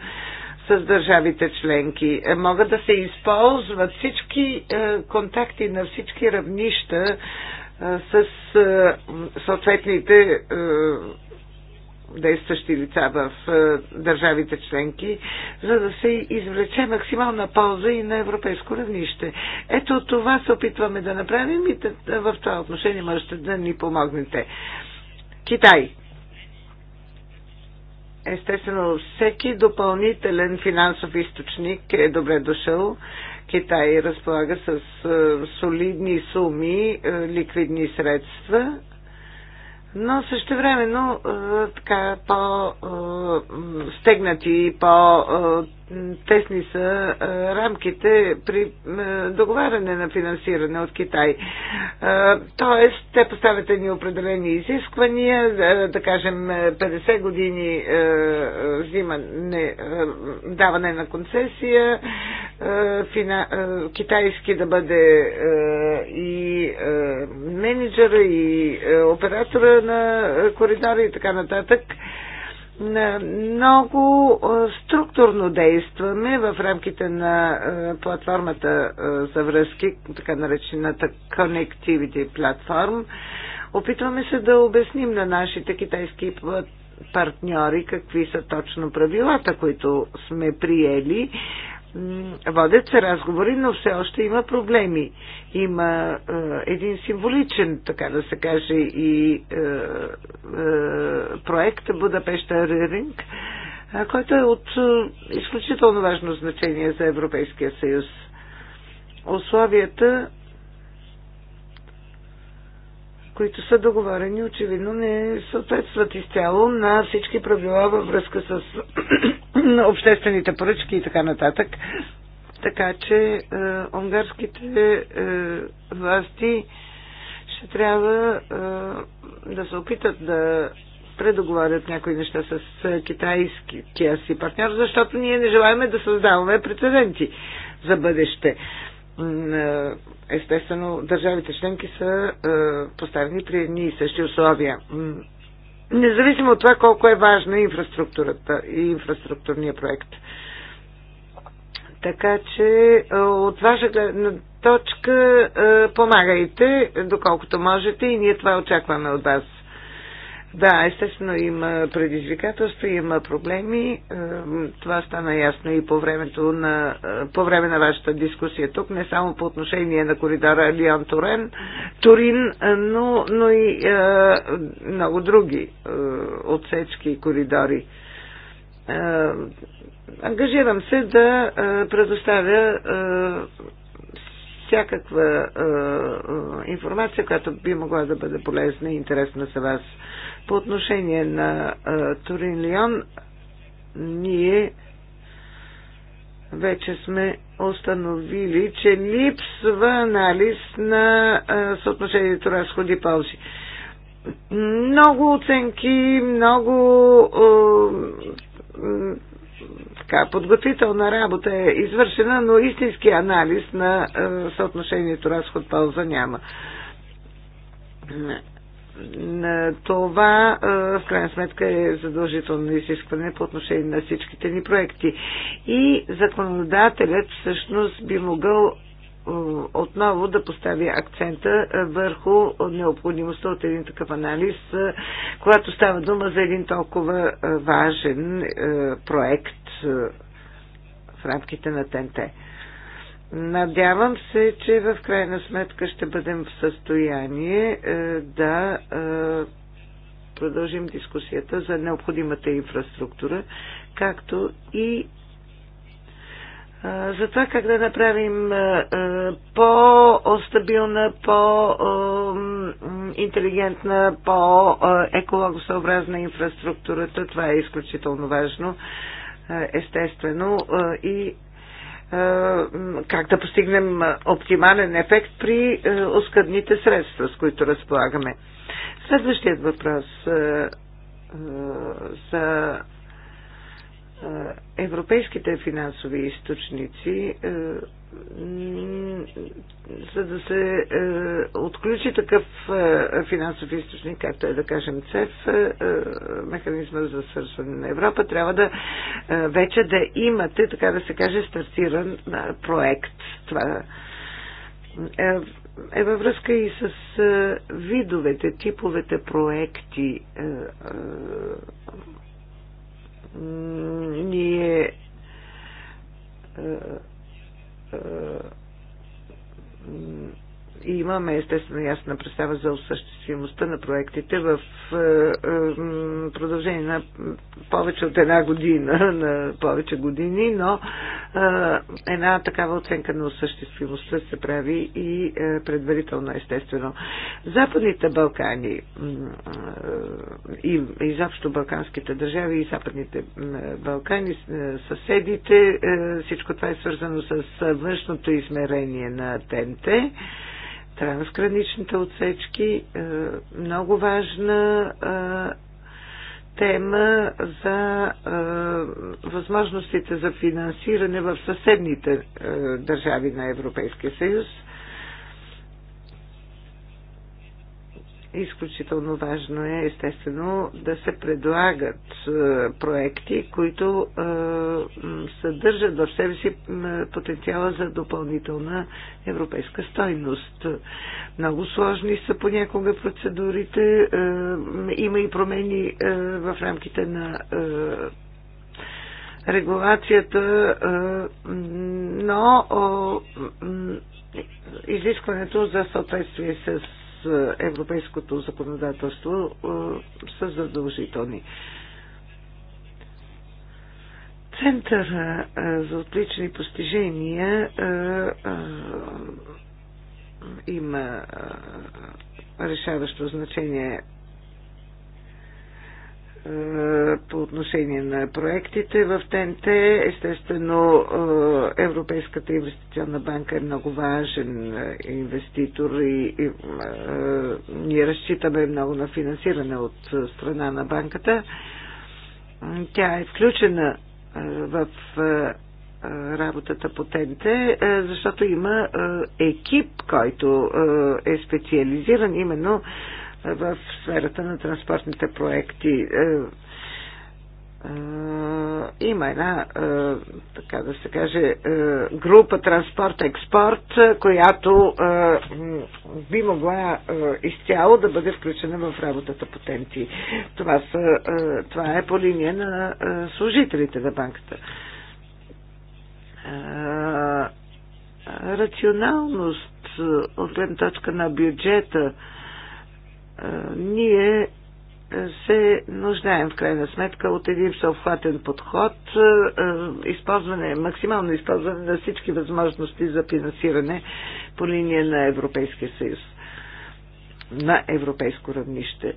с държавите членки. Е, могат да се използват всички е, контакти на всички равнища е, с съответните действащи лица в държавите членки, за да се извлече максимална полза и на европейско равнище. Ето това се опитваме да направим и в това отношение можете да ни помогнете. Китай. Естествено, всеки допълнителен финансов източник е добре дошъл. Китай разполага с е, солидни суми, е, ликвидни средства, но също времено е, така по-стегнати и по тесни са рамките при договаряне на финансиране от Китай. Тоест, те поставят ни определени изисквания, да кажем 50 години взимане, даване на концесия, китайски да бъде и менеджера, и оператора на коридори и така нататък много структурно действаме в рамките на платформата за връзки, така наречената Connectivity Platform. Опитваме се да обясним на нашите китайски партньори какви са точно правилата, които сме приели Водят се разговори, но все още има проблеми. Има е, един символичен, така да се каже, и е, е, проект Будапешта Реринг, е, който е от е, изключително важно значение за Европейския съюз. Условията които са договорени, очевидно не съответстват изцяло на всички правила във връзка с [CLEARS THROAT] обществените поръчки и така нататък. Така че е, унгарските е, власти ще трябва е, да се опитат да предоговарят някои неща с е, китайския си партньор, защото ние не желаем да създаваме прецеденти за бъдеще. Е, естествено, държавите членки са е, поставени при едни и същи условия. Независимо от това колко е важна инфраструктурата и инфраструктурния проект. Така че е, от ваша гледна точка помагайте доколкото можете и ние това очакваме от вас. Да, естествено има предизвикателства, има проблеми. Това стана ясно и по, времето на, е, по време на вашата дискусия тук, не само по отношение на коридора Лион Турен, Турин, е, но, но и е, много други отсечки и коридори. ангажирам се да предоставя всякаква информация, която би могла да бъде полезна и интересна за вас. По отношение на Турин Лион, ние вече сме установили, че липсва анализ на съотношението разходи-ползи много оценки, много е, така, подготвителна работа е извършена, но истински анализ на а, съотношението разход-полза няма. Е, това е, в крайна сметка е задължително изискване по отношение на всичките ни проекти. И законодателят всъщност би могъл е, отново да постави акцента върху необходимостта от един такъв анализ, когато става дума за един толкова важен проект в рамките на ТНТ. Надявам се, че в крайна сметка ще бъдем в състояние е, да е, продължим дискусията за необходимата инфраструктура, както и е, за това как да направим по-стабилна, по-интелигентна, по-екологосъобразна инфраструктурата. Това е изключително важно, естествено и е, как да постигнем оптимален ефект при е, оскъдните средства, с които разполагаме. Следващият въпрос е, за европейските финансови източници за да се е, отключи такъв е, финансов източник, както е да кажем ЦЕФ, е, е, механизма за свързване на Европа, трябва да е, вече да имате, така да се каже, стартиран е, проект. Това е, е във връзка и с е, видовете, типовете проекти. Е, е, ние е, е, и имаме естествено ясна представа за осъществимостта на проектите в е, е, продължение на повече от една година, [LAUGHS] на повече години, но една такава оценка на осъществимостта се прави и предварително естествено. Западните Балкани и изобщо балканските държави и западните Балкани, е, съседите. Е, всичко това е свързано с външното измерение на ТНТ, трансграничните отсечки. Е, много важна тема за е, възможностите за финансиране в съседните е, държави на Европейския съюз. Изключително важно е, естествено, да се предлагат е, проекти, които е, съдържат в себе си потенциала за допълнителна европейска стойност. Много сложни са понякога процедурите. Е, има и промени в рамките на регулацията, но изискването за съответствие с европейското законодателство е, са задължителни. Центъра е, за отлични постижения е, има решаващо значение е, по отношение на проектите в ТНТ. Естествено, е, Европейската инвестиционна банка е много важен е, инвеститор и, и ние разчитаме много на финансиране от страна на банката. Тя е включена в работата по ТНТ, защото има екип, който е специализиран именно в сферата на транспортните проекти. Е, е, има една, е, така да се каже, група транспорт-експорт, която би могла изцяло да бъде включена в работата по ТЕНТИ. Това, са, това е по линия на служителите на банката рационалност от гледна точка на бюджета ние се нуждаем в крайна сметка от един всеобхватен подход, използване, максимално използване на всички възможности за финансиране по линия на Европейския съюз на европейско равнище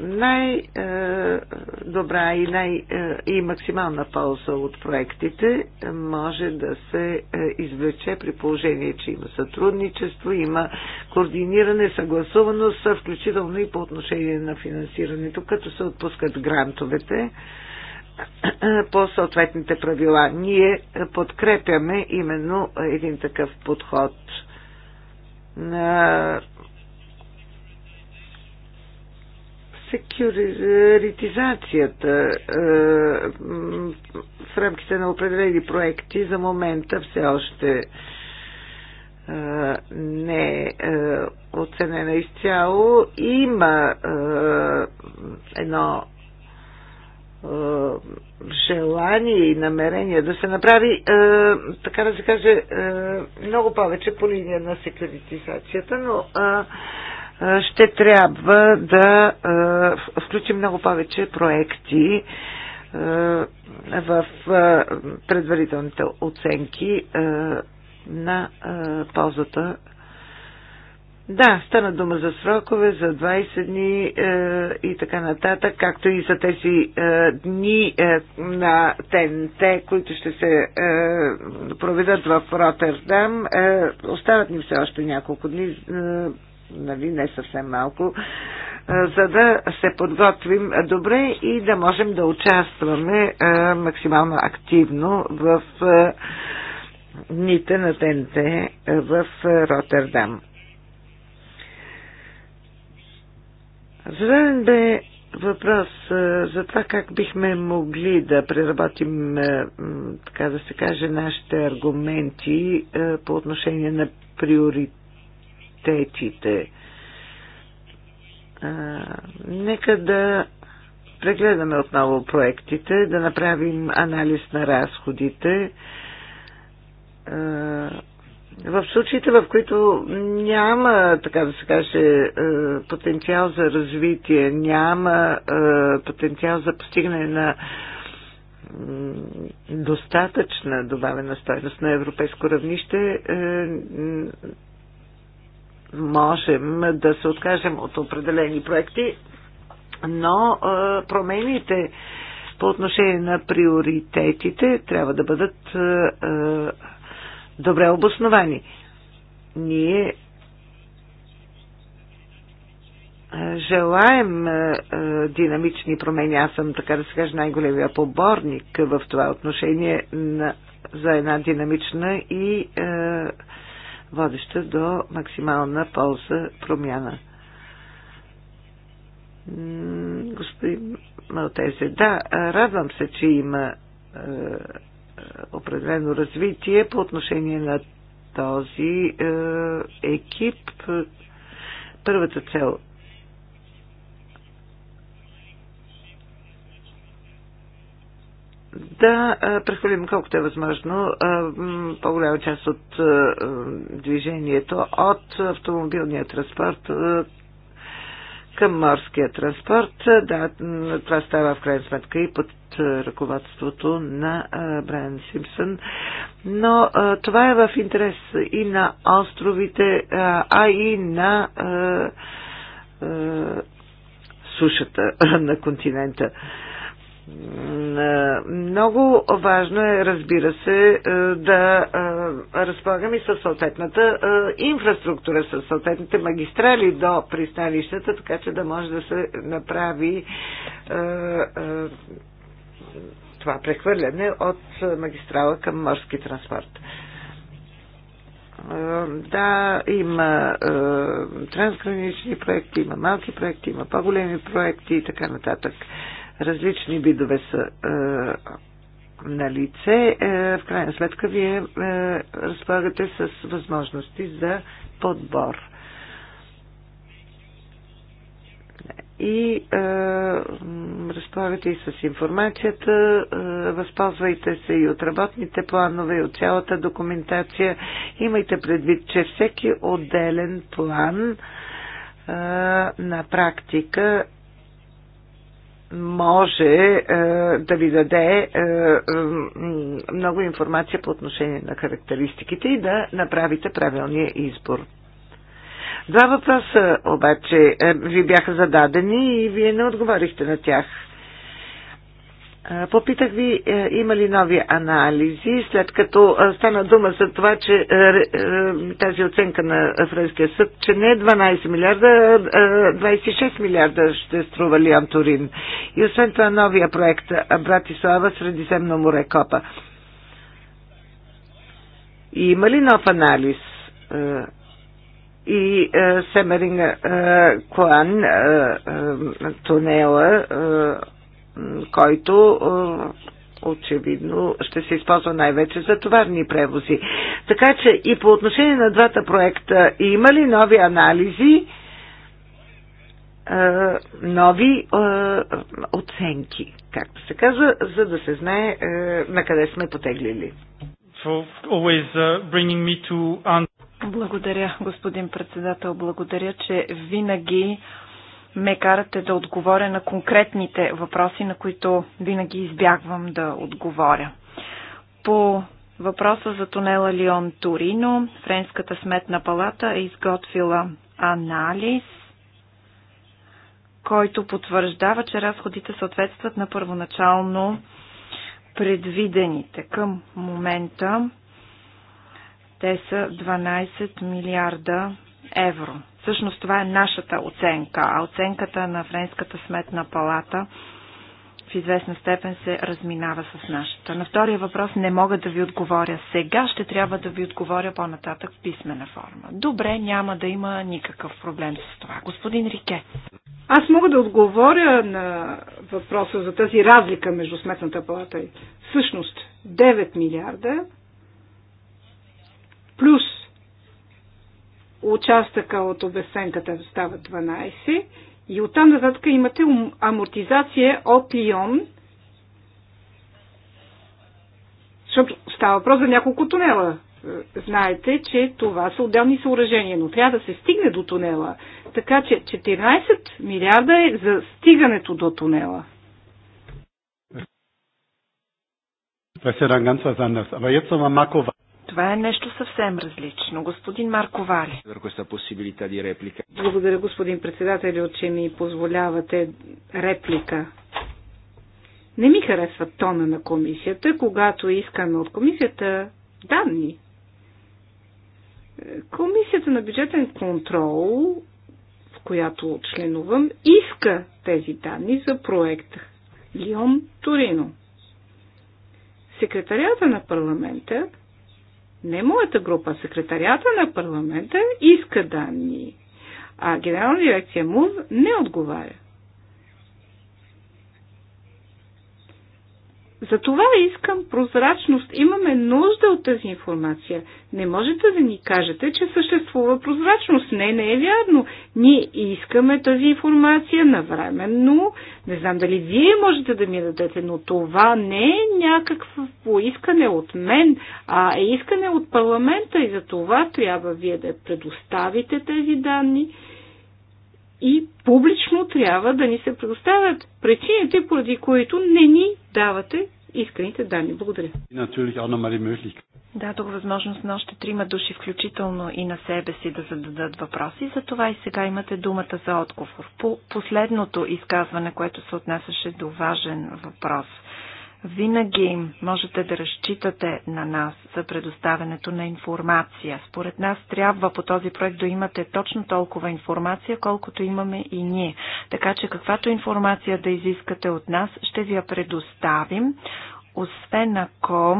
най-добра е, и, най- е, и максимална полза от проектите може да се е, извлече при положение, че има сътрудничество, има координиране, съгласуваност, включително и по отношение на финансирането, като се отпускат грантовете по съответните правила. Ние подкрепяме именно един такъв подход секюритизацията е, в рамките на определени проекти за момента все още е, не е, е оценена изцяло. Има едно желание и намерение да се направи, така да се каже, много повече по линия на секюритизацията, но е, ще трябва да е, включим много повече проекти е, в предварителните оценки на ползата. Да, стана дума за срокове, за 20 дни е, и така нататък, както и за тези е, дни е, на ТНТ, които ще се е, проведат в Ротердам. Е, остават ни все още няколко дни. Е, нали, не съвсем малко, за да се подготвим добре и да можем да участваме максимално активно в дните на ТНТ в Роттердам. Зададен бе въпрос за това как бихме могли да преработим, така да се каже, нашите аргументи по отношение на приоритет приоритетите. А, нека да прегледаме отново проектите, да направим анализ на разходите. А, в случаите, в които няма, така да се каже, потенциал за развитие, няма потенциал за постигане на достатъчна добавена стойност на европейско равнище, е, можем да се откажем от определени проекти, но промените по отношение на приоритетите трябва да бъдат добре обосновани. Ние желаем динамични промени. Аз съм, така да се каже, най-големия поборник в това отношение на, за една динамична и а, водеща до максимална полза промяна. Господин Малтезе, да, радвам се, че има е, определено развитие по отношение на този е, екип. Първата цел да прехвърлим колкото е възможно по-голяма част от движението от автомобилния транспорт към морския транспорт. Да, това става в крайна сметка и под ръководството на Брайан Симпсън. Но това е в интерес и на островите, а и на сушата [LAUGHS] на континента. Много важно е, разбира се, да разполагаме с съответната инфраструктура, с съответните магистрали до пристанищата, така че да може да се направи това прехвърляне от магистрала към морски транспорт. Да, има е, трансгранични проекти, има малки проекти, има по-големи проекти и така нататък. Е, различни видове са е, на лице. Е, в крайна сметка вие е, разполагате с възможности за подбор. И е, разполагате и с информацията, е, възползвайте се и от работните планове, и от цялата документация. Имайте предвид, че всеки отделен план е, на практика може е, да ви даде е, е, много информация по отношение на характеристиките и да направите правилния избор. Два въпроса обаче ви бяха зададени и вие не отговорихте на тях. Попитах ви, е, има ли нови анализи, след като е, стана дума за това, че е, тази оценка на Френския съд, че не 12 милиарда, 26 милиарда ще струва Лиан Турин. И освен това новия проект Братислава Средиземно море Копа. И има ли нов анализ? И Семеринг Клан, тунела, който очевидно ще се използва най-вече за товарни превози. Така че и по отношение на двата проекта има ли нови анализи, нови оценки, както се казва, за да се знае на къде сме потеглили. Uh, Благодаря, господин председател. Благодаря, че винаги ме карате да отговоря на конкретните въпроси, на които винаги избягвам да отговоря. По въпроса за тунела Лион Торино, Френската сметна палата е изготвила анализ, който потвърждава, че разходите съответстват на първоначално предвидените. Към момента те са 12 милиарда евро. Всъщност това е нашата оценка, а оценката на Френската сметна палата в известна степен се разминава с нашата. На втория въпрос не мога да ви отговоря сега, ще трябва да ви отговоря по-нататък в писмена форма. Добре, няма да има никакъв проблем с това. Господин Рике. Аз мога да отговоря на въпроса за тази разлика между сметната палата и всъщност 9 милиарда плюс участъка от обесенката става 12 и оттам нататък имате амортизация от Лион, защото става въпрос за няколко тунела. Е, знаете, че това са отделни съоръжения, но трябва да се стигне до тунела. Така че 14 милиарда е за стигането до тунела. Das ist ja dann ganz was anderes. Aber jetzt nochmal това е нещо съвсем различно. Господин Марко Вали. Благодаря, господин председател, че ми позволявате реплика. Не ми харесва тона на комисията, когато искаме от комисията данни. Комисията на бюджетен контрол, в която членувам, иска тези данни за проекта Лион Торино. Секретарията на парламента не моята група, секретарията на парламента иска данни, а генерална дирекция МУВ не отговаря. Затова искам прозрачност. Имаме нужда от тази информация. Не можете да ни кажете, че съществува прозрачност. Не, не е вярно. Ние искаме тази информация навременно. Не знам дали вие можете да ми дадете, но това не е някакво искане от мен, а е искане от парламента и за това трябва вие да предоставите тези данни и публично трябва да ни се предоставят причините, поради които не ни давате исканите данни. Благодаря. Дадох възможност на още трима души, включително и на себе си, да зададат въпроси. За това, и сега имате думата за отговор. По последното изказване, което се отнасяше до важен въпрос – винаги можете да разчитате на нас за предоставянето на информация. Според нас трябва по този проект да имате точно толкова информация, колкото имаме и ние. Така че каквато информация да изискате от нас, ще ви я предоставим, освен ако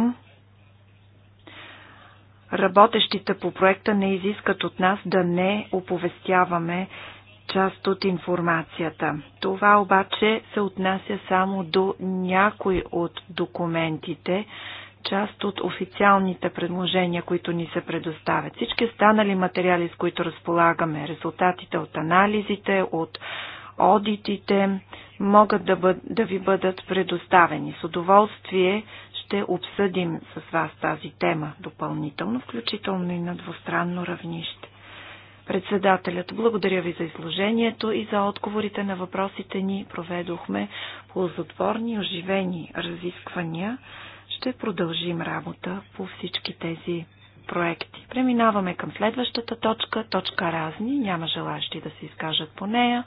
работещите по проекта не изискат от нас да не оповестяваме част от информацията. Това обаче се отнася само до някой от документите, част от официалните предложения, които ни се предоставят. Всички останали материали, с които разполагаме, резултатите от анализите, от одитите, могат да, бъд, да ви бъдат предоставени. С удоволствие ще обсъдим с вас тази тема допълнително, включително и на двустранно равнище. Председателят, благодаря ви за изложението и за отговорите на въпросите ни. Проведохме ползотворни оживени разисквания. Ще продължим работа по всички тези проекти. Преминаваме към следващата точка, точка разни, няма желащи да се изкажат по нея.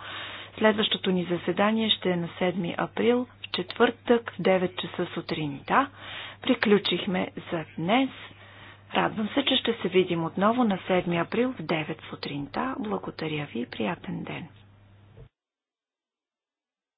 Следващото ни заседание ще е на 7 април, в четвъртък, в 9 часа сутринта. Приключихме за днес. Радвам се, че ще се видим отново на 7 април в 9 сутринта. Благодаря ви и приятен ден!